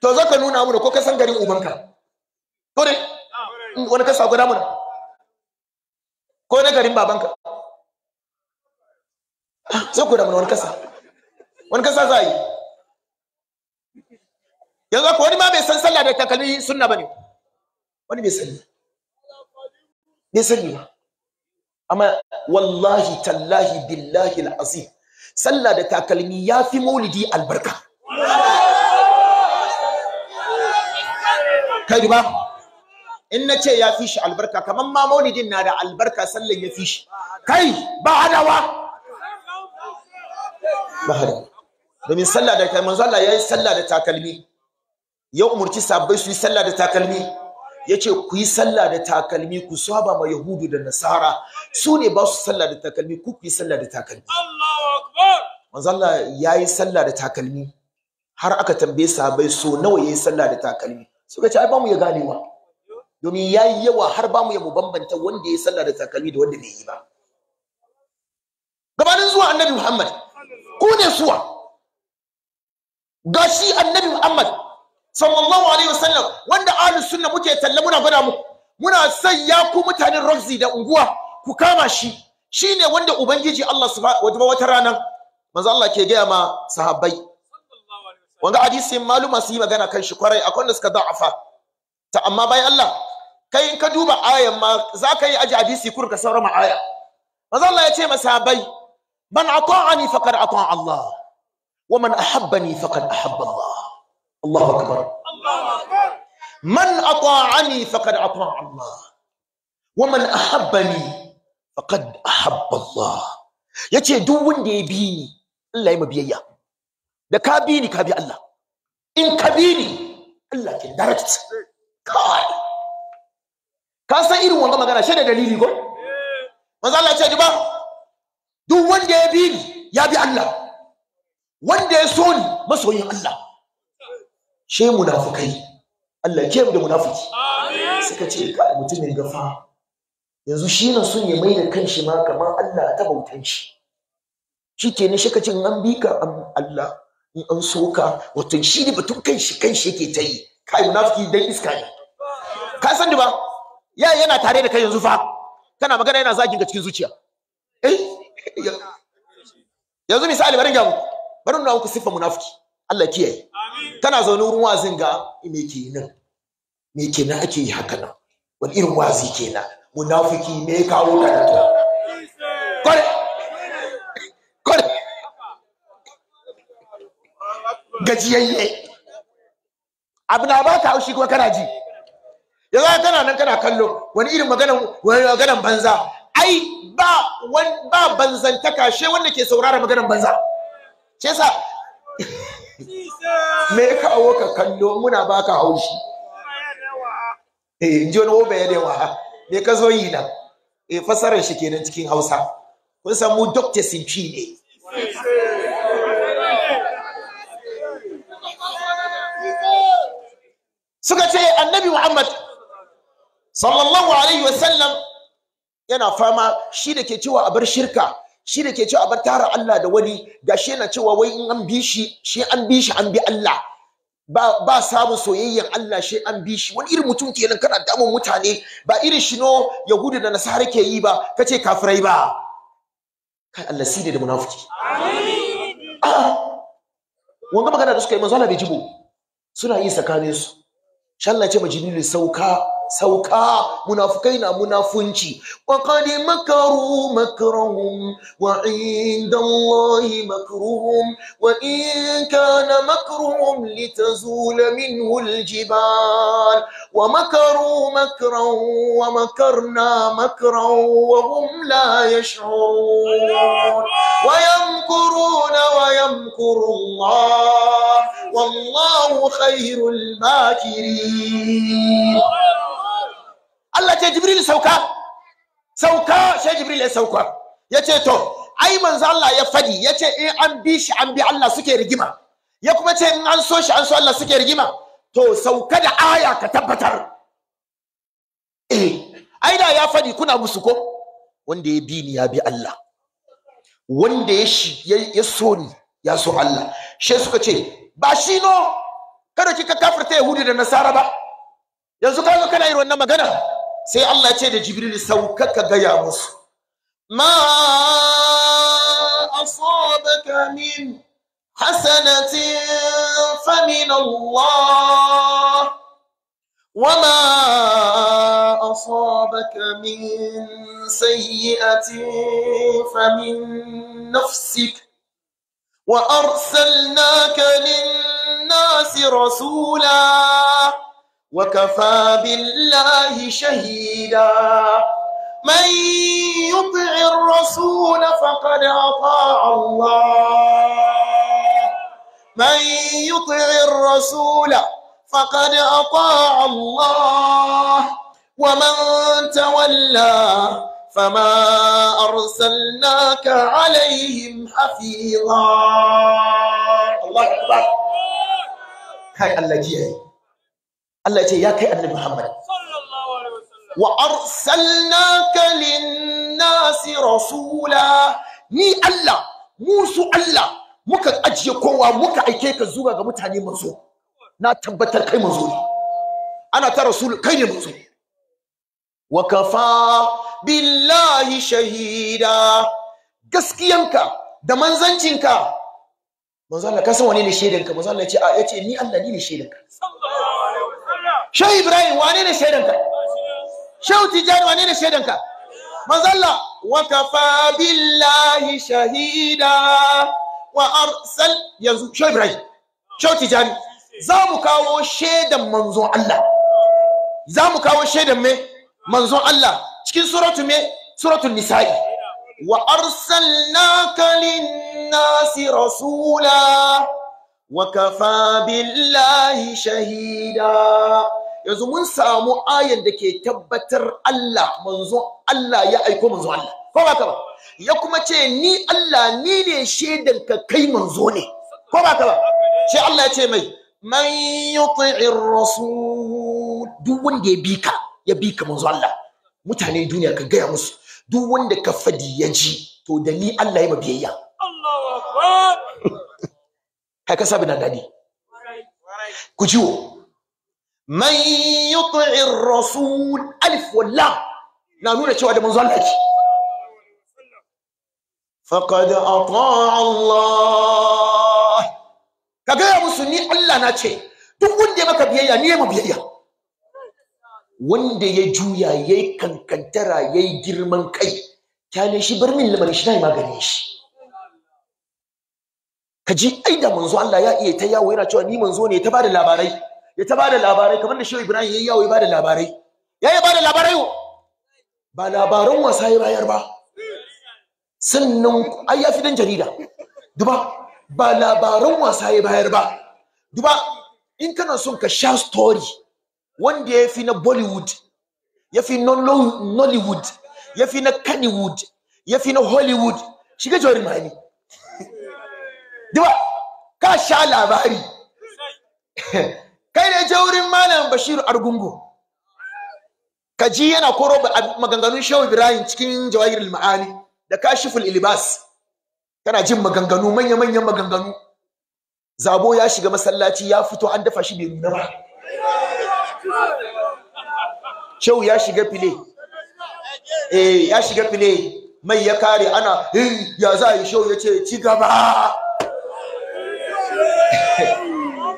S2: to zaka nuna mu ko ka san garin ubanka ko ne ah. wani kasa guda muna? ko na garin babanka sai ku muna wani kasa wani kasa za a yi yanzu ko wani ma bai san sallah da takalmi sunna bane wani bai sani bai sani ba amma wallahi tallahi billahi alazim sallah da takalmi ya fi maulidi albarka kai ba in na ce ya fi shi albarka kamar ma maulidin na da albarka sallan ya fi shi kai ba hadawa ba hadawa domin sallah da kai manzo Allah ya yi sallah da takalmi ya umurci sabbai su yi sallah da takalmi ya ce ku yi sallah da takalmi ku saba ma yahudu da nasara su ne ba su sallah da takalmi ku ku yi sallah da takalmi manzo Allah ya yi sallah da takalmi har aka tambaye sabbai so nawa ya yi sallah da takalmi suka ce ai ba mu ya ganewa domin ya yi yawa har ba mu ya mu bambanta wanda ya sallah da takalmi da wanda bai yi ba gabanin zuwa annabi muhammad ku ne suwa ga annabi muhammad sallallahu alaihi wasallam wanda ahlus sunna muke talla muna gwada mu, muna son ya ku mutanen roxy da unguwa ku kama shi Shi ne wanda ubangiji Allah subhanahu wata rana? manzo Allah ke gaya ma sahabbai wanda hadisi maluma su yi magana kan shi kwarai akwai wanda suka da'afa ta amma bayan Allah kai in ka duba ayan ma za ka yi aji hadisi kur ka saura ma aya manzo Allah ya ce masabai. man ata'ani faqad ata'a Allah wa man ahabbani faqad ahabba Allah Allahu akbar Allahu akbar man ata'ani faqad ata'a Allah wa man ahabbani faqad ahabba Allah yace duk wanda ya bi ni Allah ya mabiyayya da ka bi ni ka bi Allah in ka bi ni Allah ke direct kai ka san irin wanga magana shi da dalili ko manzo Allah ce ba duk wanda ya bi ni ya bi Allah wanda ya so ni masoyin Allah she munafukai Allah ke da munafiki suka ce ka mutumin gafa yanzu shi na son ya mai da kanshi ma kamar Allah ta bautan shi shi ke ne shika cin an bi ka Allah in an so ka wato shi ne batun kanshi kanshi yake ta yi kai munafiki dan iska ne ka san da ba ya yana tare da kai yanzu fa kana magana yana zagin ka cikin zuciya eh? yanzu misali bari ga muku bari na muku sifa munafiki Allah kiyaye kana zaune wurin wazin ga me ke nan me ke nan ake yi haka nan wani irin wazi kenan munafiki me kawo ka nan kore kore gajiyayye abu na baka haushi kuma kana ji yanzu kana nan kana kallo wani irin magana wani maganan banza ai ba wan ba banzantaka she wanda ke saurara maganar banza she yasa me ka awo ka kallo muna baka haushi eh inji wani obe ya dewa me ka zo yi nan eh fasarar shi kenan cikin Hausa kun san mu doctor Sinchi ne suka ce annabi Muhammad sallallahu alaihi wasallam yana fama shi da ke cewa a bar shirka shi da ke cewa a bar tara Allah da wani shi yana cewa wai in an bi shi shi an bi shi an bi Allah ba ba samun soyayyen Allah shi an bi shi wani irin mutum kenan kana damu mutane ba irin shi no yahudu da nasara ke yi ba kace kafirai ba kai Allah sidi da munafiki amin ah. wanga magana da suka yi manzo Allah bai jibo suna yi tsakanin su sha na ce ma sauka سوكا منافقين منافنشي وقد مكروا مكرهم وعند الله مكرهم وإن كان مكرهم لتزول منه الجبال ومكروا مكرا ومكرنا مكرا وهم لا يشعرون ويمكرون ويمكر الله والله خير الماكرين Allah ce Jibril sauka sauka sai Jibril ya sauka yace to ai manzo Allah ya fadi yace in an bi shi an bi Allah suke rigima ya kuma ce in an so shi an so Allah suke rigima to sauka da aya ka tabbatar eh ai da ya fadi kuna musu ko wanda ya bi ni ya bi Allah wanda ya shi ya so ni ya so Allah she suka ce ba shi no kada kika kafirta Yahudi da Nasara ba yanzu ka zo kana irin wannan magana sai Allah ce da Jibril saukaka gaya musu ma asabaka min hasanatin fa min Allah wa ma asabaka min sayyi'atin fa min nafsik wa arsalnaka lin nasi rasula وكفى بالله شهيدا من يطع الرسول فقد اطاع الله من يطع الرسول فقد اطاع الله ومن تولى فما ارسلناك عليهم حفيظا الله اكبر هاي الله جيه Allah ya ce ya kai annabi Muhammad wa arsalnaka lin-nasi rasula ni Allah musu Allah muka ajiye kowa muka aike ka zuwa ga mutane manzo na tabbatar kai manzo ana ta rasul kai ne manzo wa kafa billahi shahida gaskiyanka da manzancinka manzo Allah ka san wani ne shedanka manzo Allah ya ce ni Allah ni ne shedanka sallallahu shehu ibrahim wane ne shaidanka shehu tijjani wane ne shaidanka manzalla wa kafa billahi shahida wa arsal yanzu shehu ibrahim shehu tijjani za mu kawo shaidan manzon Allah za mu kawo shaidan me manzon Allah cikin suratu me suratul nisa'i wa arsalnaka lin nasi rasula وكفى بالله شهيدا yanzu mun samu ayan da ke tabbatar Allah manzo Allah ya aiko manzo Allah ko ba ba ya kuma ce ni Allah ni ne shaidan ka kai manzo ne ko ba ka ba shi Allah ya ce mai man yuti'ir rasul duk wanda ya bi ka ya bi ka manzo Allah mutane duniya ka gaya musu duk wanda ka fadi ya ji to da ni Allah ya mabiyayya
S3: Allahu akbar
S2: kai ka na daɗi ku ciwo man yuti'ir rasul alif wallah na nuna cewa da manzo Allah ki faqad Allah ka gaya musu ni Allah na ce duk wanda ya maka biyayya ni ma biyayya wanda ya juya yayi kankantara yayi girman kai kyale shi bar min lamarin shi na magani shi ka ji ai da manzo Allah ya iya ta yawo yana cewa ni manzo ne ta bada labarai ya ta bada labarai kamar da Shehu Ibrahim yayi yawo ya bada labarai ya yi bada labarai ba labaran wasa ya bayar ba sannan ai ya fi dan jarida duba ba labaran wasa ya bayar ba duba in kana son ka sha story wanda ya fi na Bollywood ya fi na Nollywood ya fi na Kannywood ya fi na Hollywood shiga jawarmani Diba ka sha labari kai ne je wurin malam bashir argungu ka ji yana koro maganganun shehu ibrahim cikin jawahirul ma'ani da kashiful ilbas kana jin maganganu manya manyan maganganu zabo ya shiga masallaci ya fito an dafa shi bai nuna ba shehu ya shiga file eh ya shiga file mai ya kare ana eh, ya za yi shehu ya ce ci gaba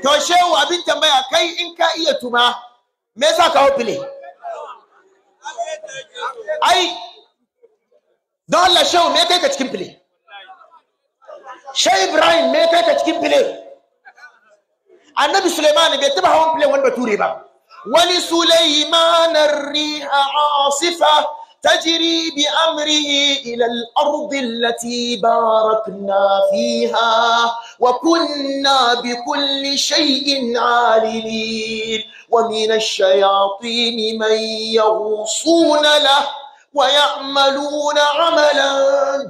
S2: to shehu abin tambaya kai in ka iya tuma me yasa ka hofile ai don Allah shehu me kai ka cikin file shehu ibrahim me kai ka cikin file annabi suleiman bai taba hawan file wani bature ba wani suleiman riha asifa تجري بأمره إلى الأرض التي باركنا فيها وكنا بكل شيء عالمين ومن الشياطين من يغوصون له ويعملون عملا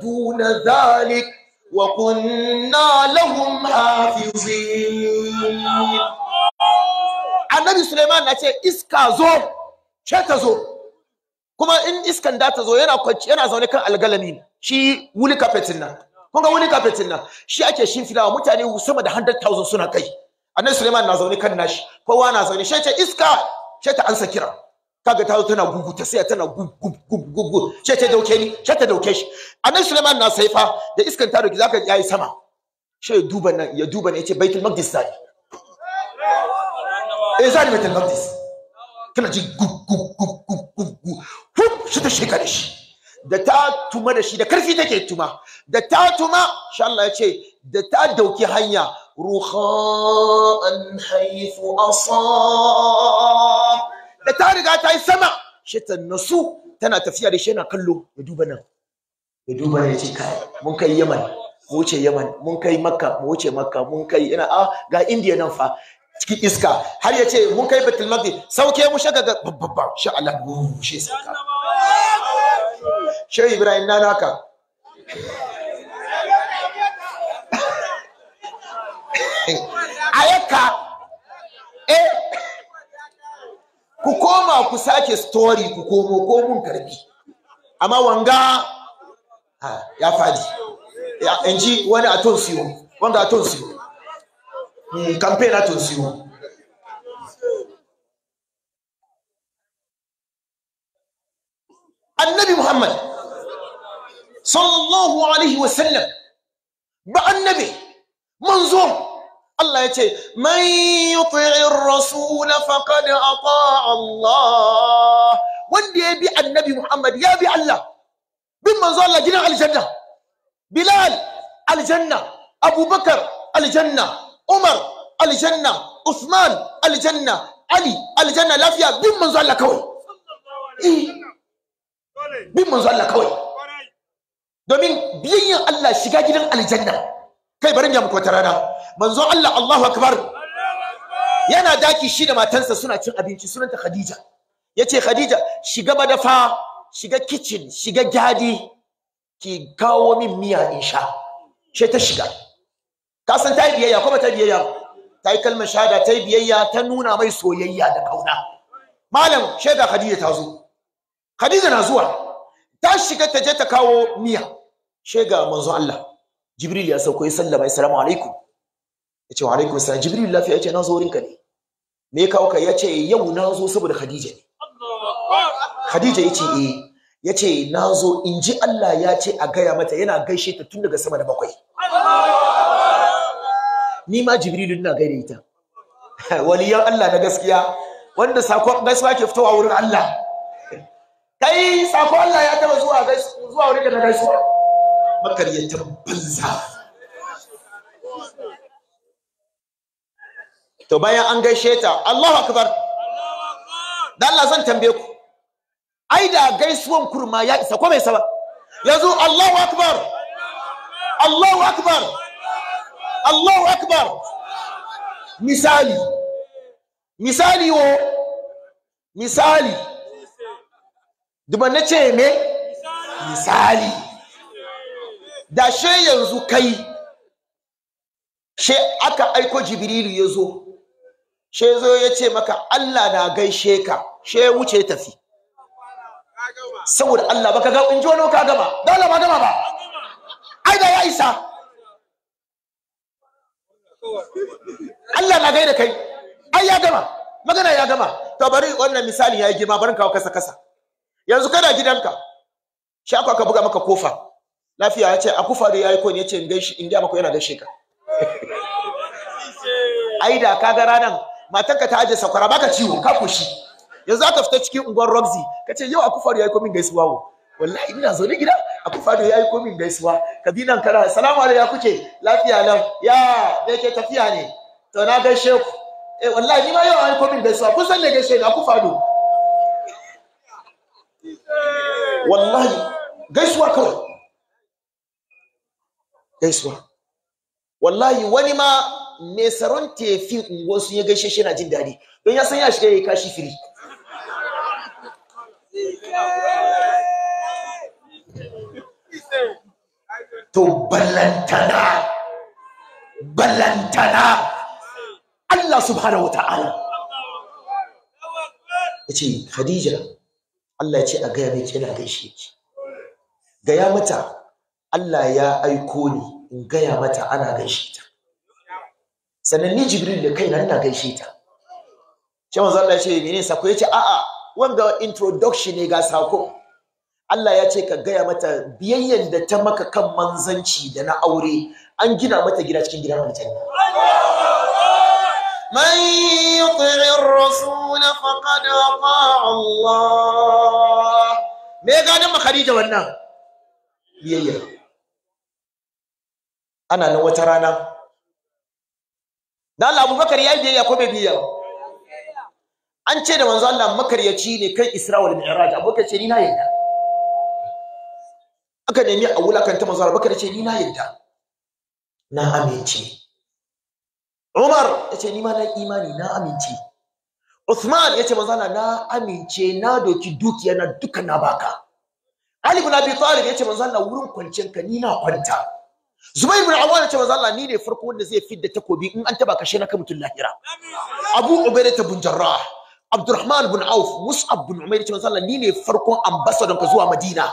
S2: دون ذلك وكنا لهم حافظين النبي سليمان نتي إسكا زور زور kuma in iskan da ta zo yana kwanci yana zaune kan algalami shi wuli kafetin nan kun ga wuli kafetin nan shi ake filawa mutane sama da 100,000 suna kai annabi Suleiman na zaune kan nashi kowa na zaune shi ce iska shi ta ansa kira kaga ta zo tana gugu ta sai tana gugu gugu gugu. shi ta dauke ni shi ta dauke shi annabi Suleiman na saifa da iskan ta dauki zaka yayi sama shi ya duba nan ya duba ne ce Baitul Maqdis sai eh zani Baitul Maqdis tana ji gugugugugugu hup shi ta shiga da shi da ta tuma da shi da karfi take tuma da ta tuma sha Allah ya ce da ta dauki hanya ruhan haifu asa. da ta riga ta yi sama shi ta nasu tana tafiya da shi yana kallo ya duba nan ya duba nan ya ce kai mun kai yaman mu wuce yaman mun kai makka mu wuce makka mun kai ina a ah, ga indiya nan fa cikin iska har ya ce mun kai batul Maqdis sauke mu shaga ga babban shi Allah shi sauka Shehu Ibrahim na naka ayaka eh ku koma ku sake story ku komo ko mun karbi amma wanga ya fadi Ya enji wani a ton siyo wanga a ton siyo Mm, campaign atụzi annabi muhammad sallallahu alaihi wa sallam, ba annabi manzo Allah ya ce man yuti'ir rasul faqad ata'a Allah wanda ya bi annabi muhammad ya bi Allah bin manzo Allah gidan aljanna bilal aljanna abubakar aljanna Umar aljanna Usman aljanna Ali aljanna lafiya bin manzo Allah kawai eh, bin manzo Allah kawai domin biyayyen Allah shiga gidan aljanna kai bari mu muku wata rana manzo Allah Allahu akbar yana daki shi da matansa suna cin abinci sunanta Khadija yace Khadija shiga madafa shiga kitchen shiga gadi ki kawo min miya in sha sai ta shiga ka san ta yi biyayya ko ba ta yi biyayya ta yi kalmar shahada ta yi biyayya ta nuna mai soyayya da kauna malam shaida khadija ta zo khadija na zuwa ta shiga ta je ta kawo miya shega manzo Allah jibril ya sauko ya sallama assalamu alaikum ce wa alaikum assalam jibril lafiya ya ce na zo wurinka ne me ya kawo ka yace yau na zo saboda khadija ne khadija ce eh yace na zo in ji Allah ya ce a gaya mata yana gaishe ta tun daga sama da bakwai ni ma jibrilu ina gaida ita waliyan Allah na gaskiya wanda sakon gaisuwa ke fitowa wurin Allah kai sakon Allah ya taba zuwa zuwa wurin da na gaisuwa makaryatan banza to bayan an gaishe ta Allahu akbar Allahu dan Allah zan tambaye ku ai da gaisuwan kurma ya isa ko bai isa ba yanzu Allahu akbar Allahu akbar Allahu akbar misali misali wo misali duba na ce me misali da she yanzu kai she aka aiko jibrilu ya zo she zo ya ce maka Allah na gaishe ka she wuce tafi saboda Allah baka ga in ji wani ka gama dole ba gama ba ai da ya isa Allah na gaida kai ai ya gama magana ya gama to bari wannan misali ya yi girma barin kawo kasa kasa yanzu kana gidanka shi aka ka buga maka kofa lafiya ya ce a kufa da yayi ko ne ya ce in gaishe in ga maka yana gaishe ka ai da ga ranan matanka ta aje sakwara baka ciwo ka kushi yanzu aka fita cikin unguwar Roxy kace yau a da yayi ko min gaisuwa wallahi ina zo ne gida a fado yayi komin gaisuwa kabilan kara salamu alaikum ya kuke lafiya nan ya da yake tafiya ne to na gaishe ku eh wallahi ni ma yau an komin gaisuwa kun san ne gaishe shehu a fado wallahi gaisuwa kawai gaisuwa wallahi wani ma mai tsaron tefi sun ya gaishe shi na jin daɗi don ya san ya shiga ya yi kashi firi to ballantana balantana, Allah subhanahu wata'ala ya ce Khadija Allah ya ce a gaya mai kina gaishe ki gaya mata Allah ya aiko ni in gaya mata ana gaishe ta sannan ni Jibril da kaina ina gaishe ta shi manzo Allah ya ce menene sako ya ce a'a wanda introduction ne ga sako Allah ya ce ka gaya mata biyayyen da ta maka kan manzanci da na aure an gina mata gida cikin gidan aljanna yi yuti'i rasu rasul faqad ma Allah me gani ma Khadija wannan biyayya ana nan wata rana dan Allah Abubakar yayi biyayya ko bai biyayya an ce da manzo Allah makaryaci ne kai Isra Mi'raj abokai ce ni na yarda aka nemi a wulakanta manzo Allah Bakar ce ni na yadda na amince Umar ya ce ni ma na imani na amince Uthman ya ce manzo Allah na amince na doki dukiya na duka na baka Ali ibn Abi Talib ya manzo Allah wurin kwancen ka ni na kwanta Zubair ibn Awwan ya ce manzo Allah ni ne farko wanda zai fidda takobi in an taba kashe na ka mutun lahira Abu Ubaidah ibn Jarrah Abdurrahman ibn Auf Mus'ab ibn Umair ya ce manzo Allah ni ne farkon ambassador ka zuwa Madina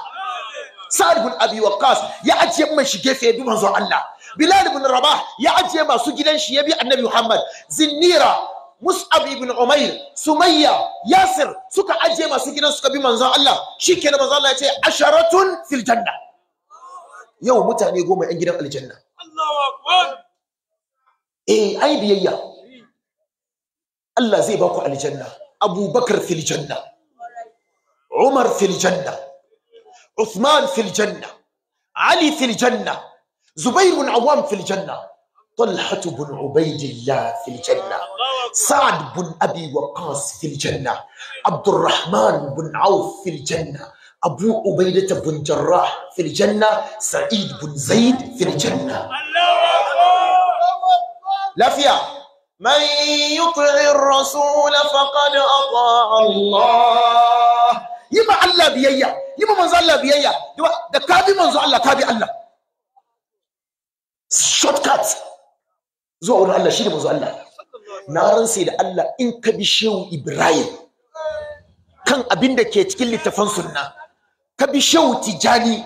S2: Sa'ad bin Abi Waqqas ya ajiye mai shi gefe ya bi manzon Allah Bilal bin Rabah ya ajiye masu gidan shi ya bi Annabi Muhammad Zinnira Mus'ab ibn Umair Sumayya Yasir suka ajiye masu gidan suka bi manzon Allah shikenan manzon Allah ya ce asharatun fil janna yau mutane goma yan gidan aljanna Allahu akbar eh ai biyayya Allah zai ba ku aljanna Abubakar Bakar fil janna Umar fil janna عثمان في الجنة علي في الجنة زبير بن عوام في الجنة طلحة بن عبيد الله في الجنة سعد بن أبي وقاص في الجنة عبد الرحمن بن عوف في الجنة أبو عبيدة بن جراح في الجنة سعيد بن زيد في الجنة لا فيها من يطع الرسول فقد أطاع الله يبقى الله بيئة yi ma manzo Allah biyayya da ka bi manzo Allah ka bi Allah shortcut zuwa wurin Allah shi ne manzo Allah na ransa da Allah in ka bi shehu Ibrahim kan abin da ke cikin littafan sunna ka bi shehu Tijani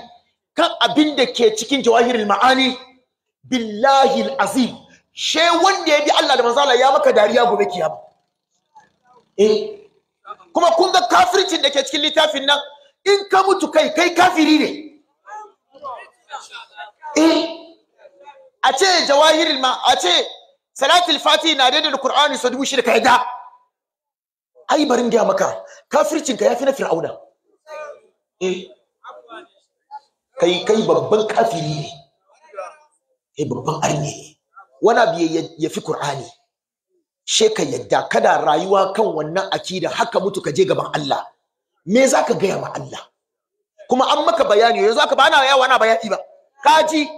S2: kan abin da ke cikin jawahirul ma'ani billahi azim she wanda ya bi Allah da manzo Allah ya maka dariya gobe kiyama eh kuma kun ga kafircin da ke cikin littafin nan in ka mutu kai kai kafiri ne eh, a ce jawahirul ma a ce salatul fati na daidai da qur'ani su dubu shida ka yadda ai barin gaya maka kafircin ka yafi na fir'auna eh kai kai babban kafiri ne kai eh, babban arni ne wani abu ya fi qur'ani she ka yadda kada rayuwa kan wannan akida haka mutu ka je gaban Allah me za ka gaya wa Allah kuma an maka bayani yanzu aka ba na yawa na bayani ba kaji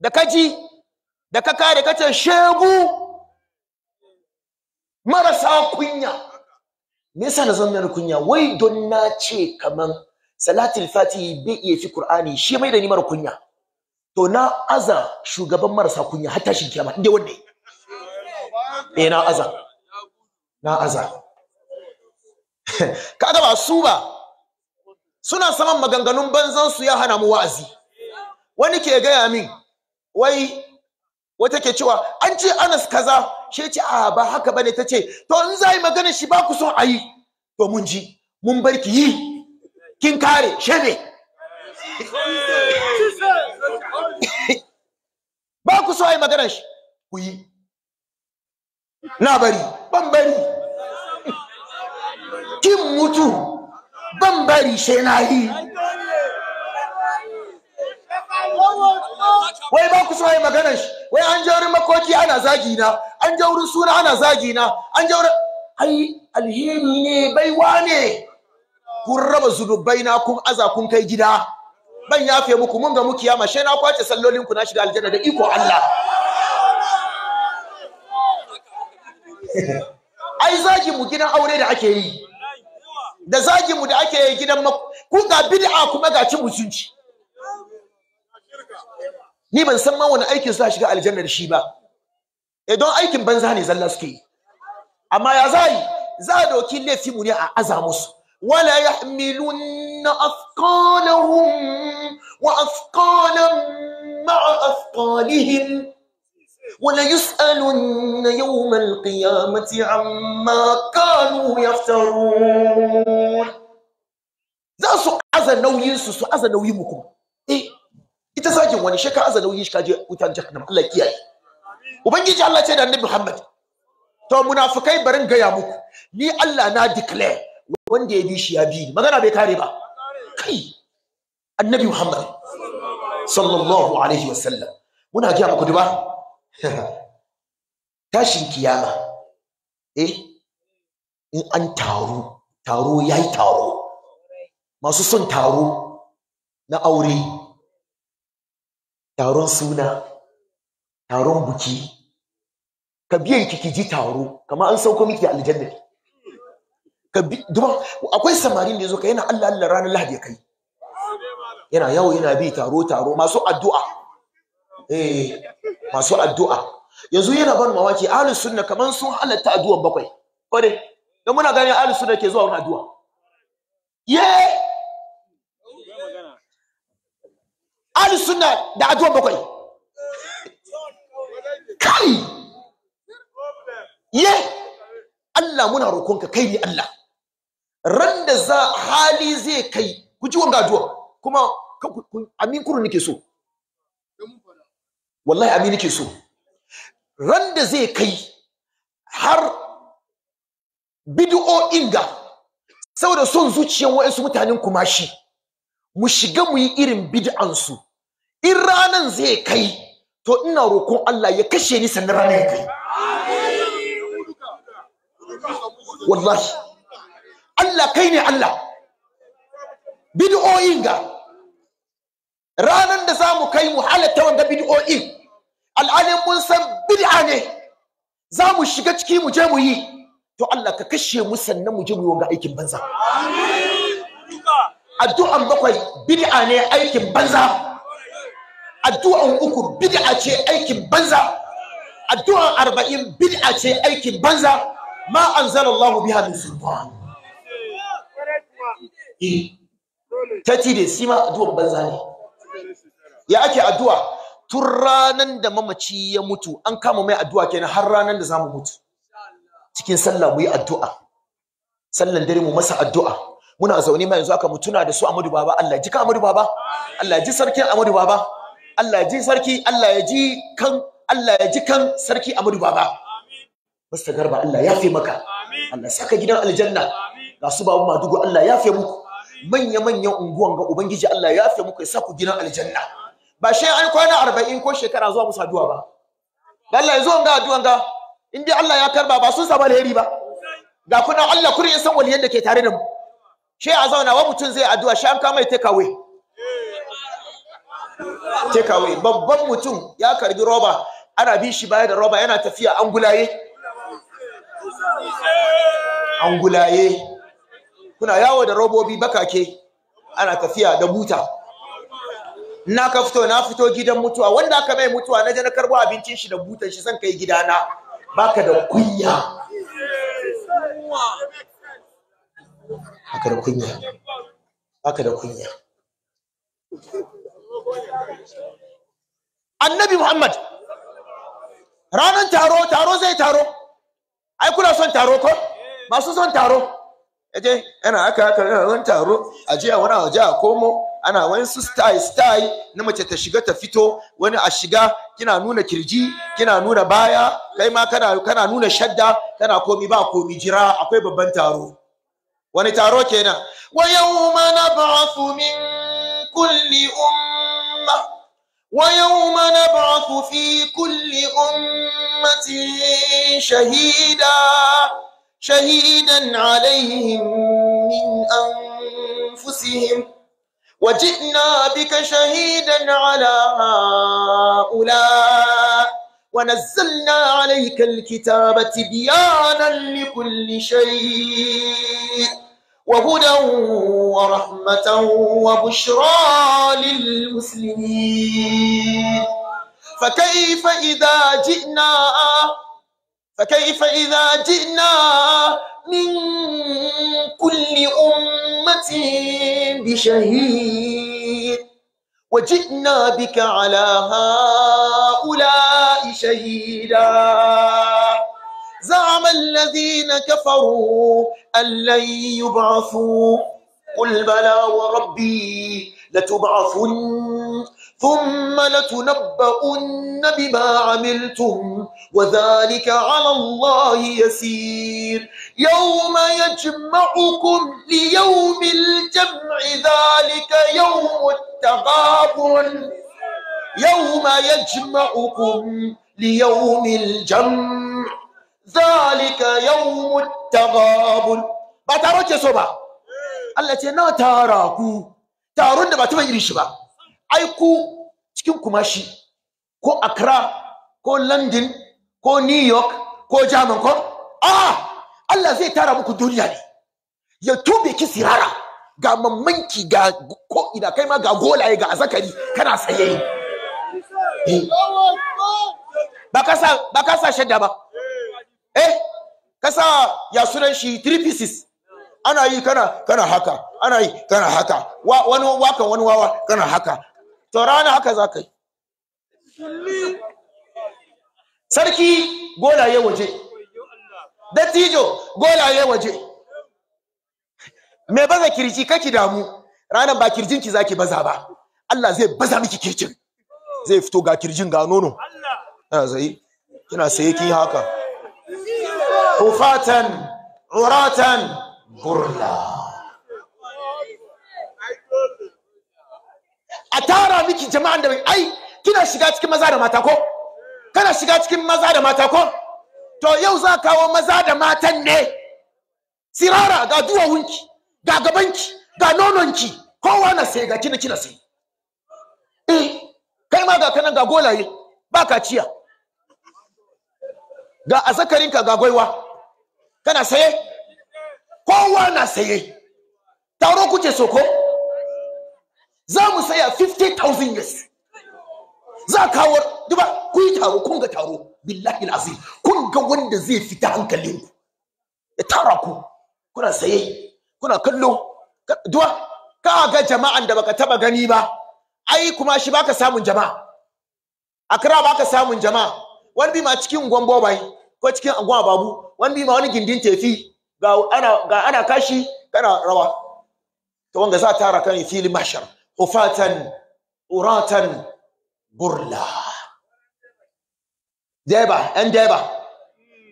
S2: da kaji da ka kare kace shegu marasa kunya me yasa na zan na kunya wai don na ce kaman salatul fatihi bai iya ci qur'ani shi mai da ni mara kunya to na aza shugaban marasa kunya har shi kiyama inda wanda eh na aza na aza kaga ba su ba suna saman maganganun banzan su ya hana mu wa'azi wani ke gaya min wai wata ke cewa an ce Anas kaza she ce a ba haka bane ta ce to in za yi magana shi ba ku son ayi? to mun ji mun bar ki yi kin kare shebe ba ku so ayi magana shi ku yi na bari ban bari in mutu ban bari sai na yi wai ba ku so yi maganar shi wai an je makoki ana zagi na an je suna ana zagi na an je ai alheri ne baiwa ne kun raba zunubai na kun aza kun kai gida ban yafe muku mun ga muku yama sai na kwace sallolin ku na shiga aljanna da iko Allah ai zagi mu gidan aure da ake yi da zagi mu da ake yi gidan ku ga bid'a kuma ga cin musunci ni ban san ma wani aikin su shiga aljannar shi ba eh don aikin banza ne zalla suke amma ya zai za a doki laifi mu ne a aza musu wala yahmiluna afqalahum wa afqalan ma'a afqalihim وليسألن يوم القيامة عما كانوا يفترون za su aza nauyinsu su aza nauyin mu kuma eh ita sajin wani shekar aza nauyin shi kaje wutan jahannam Allah ya kiyaye ubangiji Allah ce da annabi Muhammad to munafikai barin gaya muku ni Allah na declare wanda ya bi shi ya bi magana bai kare ba kai annabi Muhammad sallallahu alaihi wasallam muna gaya muku duba tashin kiyama eh in an taru taro ya yi taro masu son taro na aure taron suna taron buki ka biyan ki ji taro kamar an sauko miki da aljanna ka bi duba akwai samarin da zo ka yana Allah Allah ranar Lahadi ya kai yana yawo yana bi taro taro masu addu'a eh masu addu'a yanzu yana ban mawaki ahlus sunna kaman sun halatta addu'an bakwai kore dan muna ganin ahlus sunna ke zuwa wani addu'a ye ahlus sunna da addu'an bakwai kai ye Allah muna rokonka kai ne Allah ran da za hali zai kai ku ji wanga addu'a kuma amin kuru nake so wallahi abin nake so ran da zai kai har bid'o inga saboda son zuciyar wa'ansu mutanen kumashi mu shiga mu yi irin bid'ansu in ranan zai kai to ina roƙon Allah ya kashe ni sannan ranar ya kai wallahi Allah kai ne Allah bid'o'in ga ranan da za mu kai mu halatta wanda bid'o'in al'alin mun san bid'a ne za mu shiga ciki mu je mu yi to Allah ka kashe mu sannan mu je mu yi ga aikin banza addu'an bakwai bid'a ne aikin banza addu'an uku bid'a ce aikin banza addu'an arba'in bid'a ce aikin banza ma anzalallahu biha min sultan eh, tati da sima addu'an banza ne ya ake addu'a tun ranar da mamaci ya mutu an kama mai addu'a kenan har ranar da zamu mutu cikin sallah mu yi addu'a sallan dare mu masa addu'a muna zaune ma yanzu aka mutuna da su Amadu Baba Allah ji ka Amadu Baba Allah ji sarkin Amadu Baba Allah ji sarki Allah ya ji kan Allah ya ji kan sarki Amadu Baba Mr. Garba Allah ya fi maka
S3: Allah saka gidan
S2: aljanna ga su babu madugo Allah ya fi muku manya manyan unguwan ga ubangiji Allah ya fi muku ya sa ku gidan aljanna ba shi an kwana arba'in ko shekara zuwa musu addu'a ba Allah yanzu zo ga addu'an ga in dai Allah ya karba ba sun samu alheri ba ga kuna Allah kuri san waliyan da ke tare da mu shi a zauna wa mutum zai addu'a shi an kama take away take away babban mutum ya karbi roba ana bin shi baya da roba yana tafiya an gulaye an gulaye kuna yawo da robobi bakake ana tafiya da buta na ka fito na fito gidan mutuwa wanda aka mai mutuwa na je na karbo abincin shi da butan shi zan kai gidana baka da kunya baka da kunya baka da kunya annabi muhammad ranan taro taro zai taro ai kuna son taro ko masu son taro yaje yana haka haka wani taro ajiya wani a komo ana wani su style style na mace ta shiga ta fito wani a shiga kina nuna kirji kina nuna baya kai ma kana kana nuna shadda kana komi ba komi jira akwai babban taro wani taro kenan wa yawma nab'athu min kulli umma wa yawma nab'athu fi kulli ummatin shahida shahidan alaihim min anfusihim وجئنا بك شهيدا على هؤلاء ونزلنا عليك الكتاب تبيانا لكل شيء وهدى ورحمة وبشرى للمسلمين فكيف إذا جئنا فكيف إذا جئنا من كل أمة بشهيد وجئنا بك على هؤلاء شهيدا زعم الذين كفروا أن لن يبعثوا قل بلى وربي لتبعثن ثم لتنبؤن بما عملتم وذلك على الله يسير يوم يجمعكم ليوم الجمع ذلك يوم التغابن يوم يجمعكم ليوم الجمع ذلك يوم التغابن ba taro ke so ba Allah ce na tara ku taron da ba ta yi shi ba Aiku cikin kumashi ko Accra ko London ko New York ko German ko ah Allah zai tara muku duniya ne ya tube ki sirara ga mamanki ga ko ina kai ma ga golaye ga azakari kana tsaye eh. ba ka sa ba ka sa shadda ba eh sa ya sunan shi three pieces ana yi kana kana haka ana yi kana haka wa wani waka wani wawa kana haka to rana haka za ka yi sarki golaye waje dattijo golaye waje mai baza kirji kaki damu ranar ba kirjinki zaki baza ba Allah zai baza miki kirjin zai fito ga kirjin ga nono Allah zai kina saye kin haka hufatan uratan burla a tara miki jama'an da ai kina shiga cikin maza da mata ko kana shiga cikin maza da mata ko to yau za kawo maza da matan ne sirara ga duwawunki ga gabanki ga nononki kowa na sai ga kina kina sai eh kai ma ga kanan ga golaye ba ka ciya ga azakarinka ga gwaiwa kana saye kowa na saye taro kuke so ko za mu saya 50,000 years za kawo duba ku yi taro kun ga taro billahi azim kun ga wanda zai fita hankalin ku ya tara ku kuna saye kuna kallo duba, ka ga jama'an da baka taba gani ba ai kuma shi baka samun jama'a akira baka samun jama'a wani bi ma cikin gwambo bai ko cikin agwa babu wani bi ma wani gindin tefi ga ana ga ana kashi kana rawa to wanga za tara kan fili mashar ufatan uratan burla deba yan deba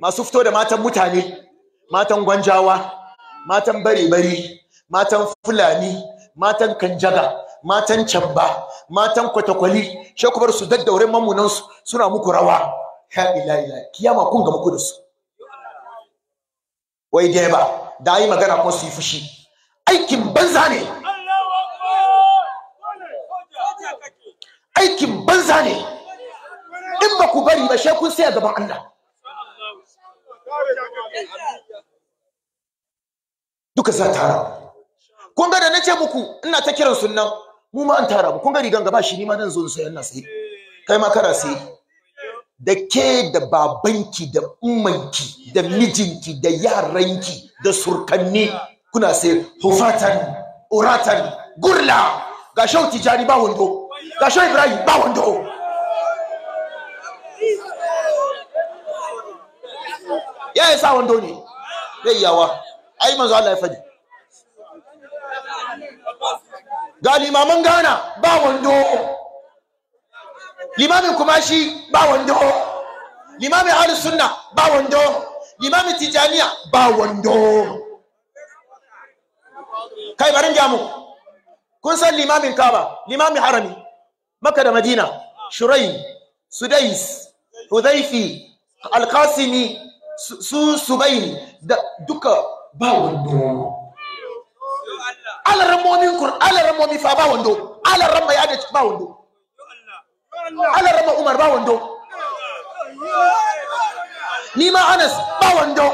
S2: masu fito da matan mutane matan gwanjawa matan bare-bare matan fulani matan kanjaga matan canba, matan kwatakwali shekubar su daddaurin mamunansu suna muku rawa ya ila kiyama kun ga muku da su wai deba da yi magana kuma su yi fushi aikin banza ne aikin banza ne in ba ku bari ba sai kun sai gaban Allah duka za tara kun ga da nace muku ina ta kiran sunan. mu ma an tara mu kun ga rigan gaba shi ni ma dan zo sai sayar sai kai ma kana sai da ke da babanki da ummanki da mijinki da yaranki da surkanni kuna sai hufatan uratan gurla ga shauti jari ba wando gasho ibrahim ba wando ya yi sa wando ne zai yawa ai manzo Allah ya fadi ga limaman gana ba wando limamin kumashi ba wando limamin ahlus sunna ba wando limamin tijaniya ba wando kai barin jamu kun san limamin kaba limamin harami maka da madina shurai sudais hudhaifi alkasimi su subai da duka ba wando alarmomin kur alarmomi fa ba wando alarma ya da ba wando ma umar ba wando ni ma anas ba wando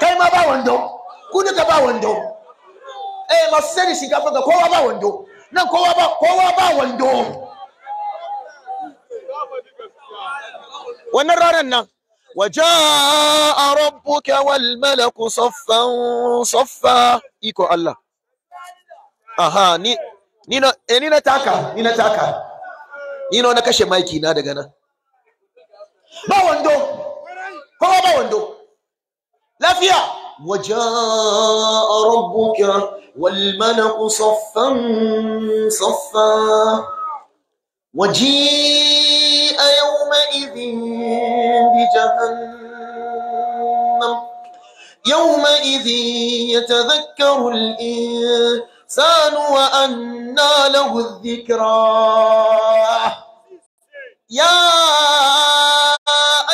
S2: kai ma ba wando ku ka ba wando eh masu sai da shinkafa ga kowa ba wando nan kowa ba kowa ba wando wannan ranar nan وجاء ربك والملك صفا صفا iko Allah aha ni ni na eh, ni na taka ni na taka ni na na kashe maiki na daga nan ba wando kowa ba wando lafiya وجاء ربك والملك صفا صفا وجيء يومئذ بجهنم يومئذ يتذكر الإنسان وأنى له الذكرى يا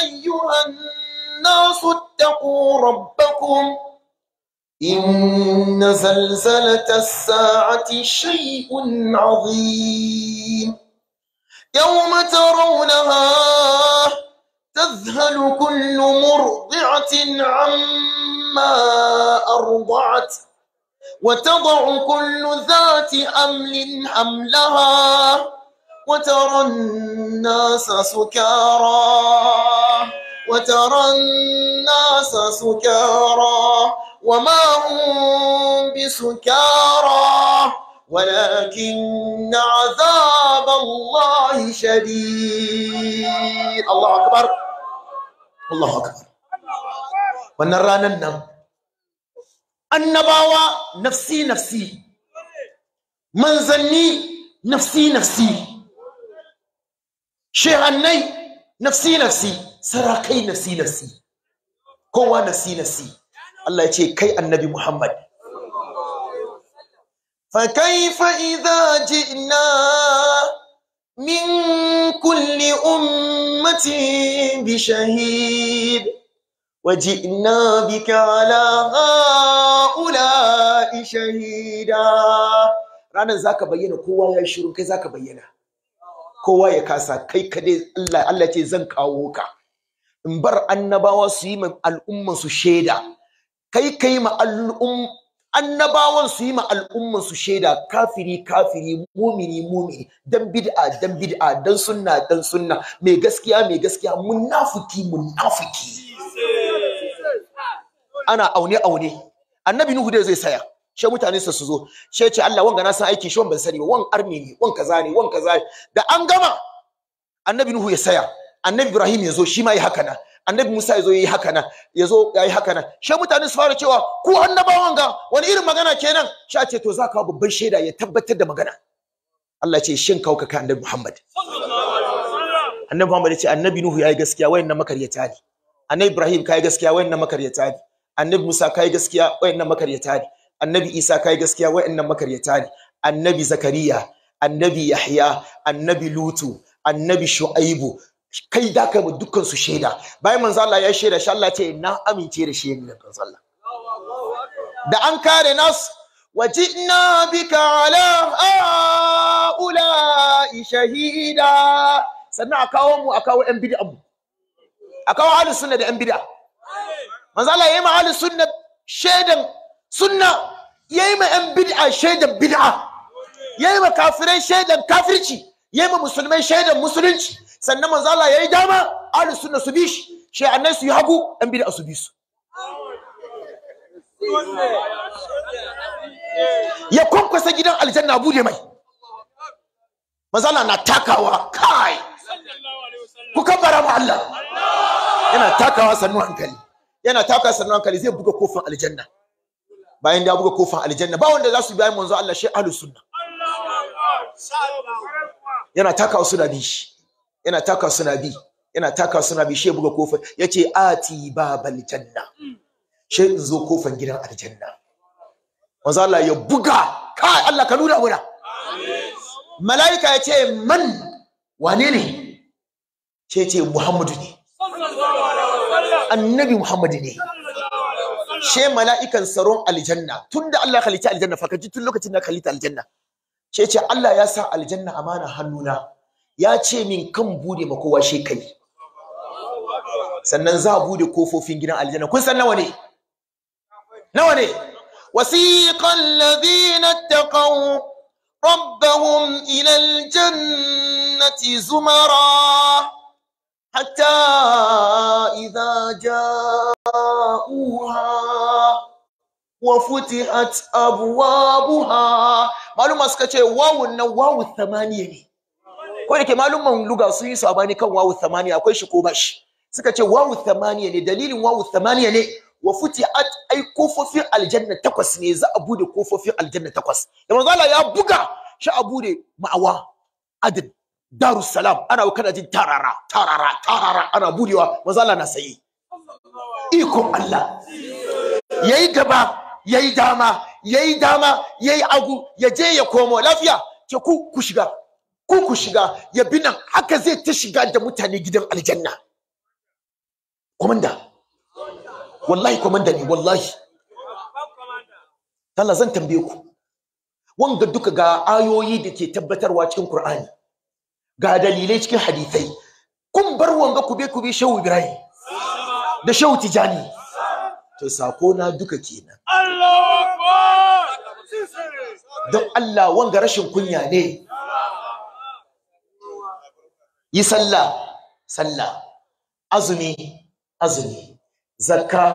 S2: أيها الناس اتقوا ربكم ربكم إن زلزلة الساعة شيء عظيم يوم ترونها تذهل كل مرضعة عما أرضعت وتضع كل ذات أمل حملها وترى الناس سكارى وترى الناس سكارى وما هم بسكارى ولكن عذاب الله شديد الله أكبر الله أكبر ونرانا النم النباوة نفسي نفسي من زني نفسي نفسي شيخ النيل nafsi nafsi sarakai nafsi nafsi kowa nafsi nafsi Allah ya ce kai annabi Muhammad fa kaifa idza ji'na min kulli ummati bi shahid وجئنا بك على هؤلاء شهيدا ranan zaka bayyana kowa ya shiru kai zaka bayyana kowa ya kasa kai kadai Allah Allah ce zan kawo ka in bar annabawa su yi ma al'umman su shaida kai kai ma al'um annabawan su yi ma al'umman su shaida kafiri kafiri mumini mumini dan bid'a dan bid'a dan sunna dan sunna mai gaskiya mai gaskiya munafiki munafiki ana aune aune annabi nuhu dai zai saya she mutane su zo she ce Allah wanga na san aiki shi wan ban sani ba wan armi ne wan kaza ne wan kaza da an gama annabi nuhu ya saya annabi ibrahim ya zo shi ma yi haka na annabi musa ya zo ya yi haka na ya zo ya yi haka na she mutane su fara cewa ku annabawan ga wani irin magana kenan sha ce to za babban shaida ya tabbatar da magana Allah ce shin kauka ka annabi muhammad annabi muhammad ya ce annabi nuhu ya yi gaskiya wayannan makaryata ne annabi ibrahim ka yi gaskiya wayannan makaryata ne annabi musa ka yi gaskiya wayannan makaryata ne annabi isa kai gaskiya wayannan makaryata ne annabi zakariya annabi yahya annabi lutu annabi shu'aibu kai da kai dukkan su shaida bayan manzo Allah ya shaida shi Allah ce na amince da shi ne manzo Allah da an kare nas wajina bika ala ulai shahida sannan a kawo mu a kawo yan bid'a mu a kawo ahlus sunna da yan bid'a manzo Allah yi ma ahlus sunna shaidan sunna yayi ma yan bid'a shaidan bid'a yayi ma kafirai shaidan kafirci yayi ma musulmai shaidan musulunci sannan manzo Allah yayi dama ahli sunna su bi shi shay'anai su yi hagu yan bid'a su bisu. ya kwankwasa gidan aljanna bude mai manzo Allah na takawa kai ku bara mu Allah yana takawa sannu hankali yana takawa sannu hankali zai buga kofin aljanna bayan da buga kofar aljanna ba wanda za su bayan manzo Allah shi ahlus sunna yana taka suna bi shi yana taka na bi yana taka na bi shi buga kofar yace ati babal janna shi in zo kofar gidan aljanna manzo Allah ya buga kai Allah ka nuna mana. malaika yace man wane ne ce ce Muhammadu ne annabi Muhammadu ne she mala'ikan saron aljanna tunda Allah halitta aljanna fa kaji tun lokacin da halitta aljanna she ce Allah ya sa aljanna amana hannuna ya ce min kan bude ma kowa she kai sannan za a bude kofofin gidan aljanna kun san nawa ne nawa ne wasiqal ladina taqaw rabbahum ila aljannati zumara حتى إذا جاءوها wa futihat abwabuha maluma suka ce wawu na wawu thamaniya ne ko da ke maluman luga sun yi sabani kan wawu thamaniya akwai shi ko ba shi suka ce wawu thamaniya ne dalilin wawu thamaniya ne wa futihat ai kofofin aljanna takwas ne za a bude kofofin aljanna takwas da manzo Allah ya buga shi a bude ma'awa adad salam. ana kana jin tarara tarara tarara ana budewa manzo Allah na sayi Iko Allah yayi gaba yayi dama yayi dama yayi agu ya je ya komo lafiya ce ku ku shiga ku ku shiga ya bi haka zai ta shiga da mutane gidan aljanna komanda wallahi komanda ne wallahi Allah zan tambaye ku wanga duka ga ayoyi da ke tabbatarwa cikin Qur'ani ga dalilai cikin hadisai kun bar wanga kube kube shehu Ibrahim da shehu Tijani to sako na duka kenan don Allah wanga rashin kunya ne yi sallah sallah azumi azumi zakka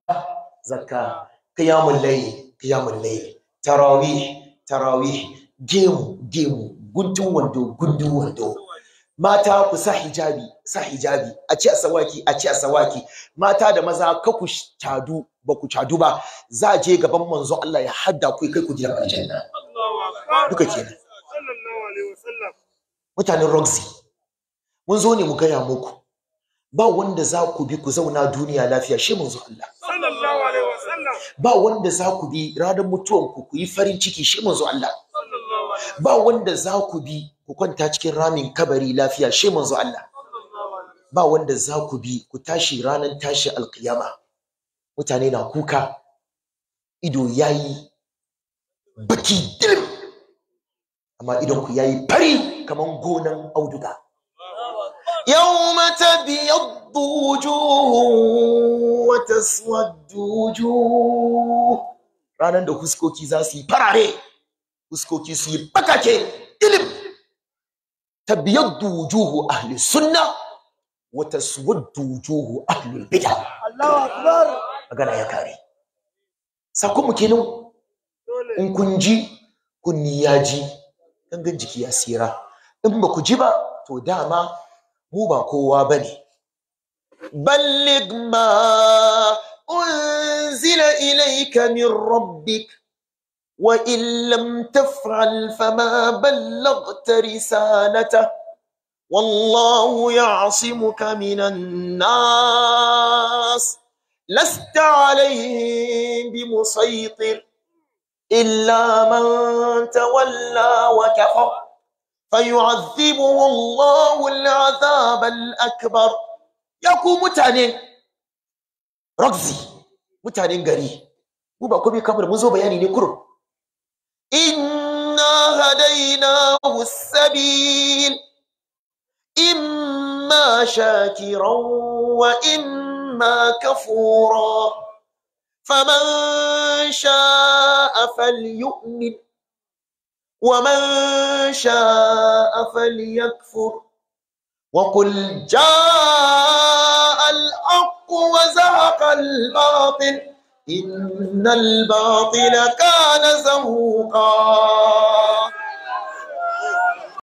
S2: zakka qiyamul layl qiyamul layl tarawih tarawih gemu gemu guntun wando guntun wando mata ku sa hijabi sa hijabi a ci asawaki a ci asawaki mata da maza ka ku cadu ba ku cadu ba za je gaban manzon Allah ya hadda ku kai ku gidan aljanna duka kenan mutanen Roxy mun zo ne mu gaya muku ba wanda za ku bi ku zauna duniya lafiya shi manzo Allah ba wanda za ku bi ranar mutuwan ku ku yi farin ciki shi manzo Allah ba wanda za ku bi ku kwanta cikin ramin kabari lafiya shi manzo Allah ba wanda za ku bi ku tashi ranar tashi alkiyama mutane na kuka ido yayi baki dilim amma idon ku yayi fari kaman gonan auduga يوم تبيض وجوه وتسود وجوه رانا ranan da huskoki za su farare fuskoki su yi bakake ilim tabiyaddu wujuhu ahli sunna wata taswaddu dujuhu ahli bid'a
S3: Allahu akbar
S2: magana ya kare sakon mu kenan in kun ji kunni ya ji gangan jiki ya sira in ba ku ji ba to dama mu ba kowa bane balligh ma unzila ilayka min rabbika وإن لم تفعل فما بلغت رسالته والله يعصمك من الناس لست عليهم بمسيطر إلا من تولى وكفر فيعذبه الله العذاب الأكبر يكون متانين رقزي متانين قريب مو باكو بي كامر مزو بياني نكرم إنا هديناه السبيل إما شاكرا وإما كفورا فمن شاء فليؤمن ومن شاء فليكفر وقل جاء الحق وزهق الباطل إن الباطل كان زوقا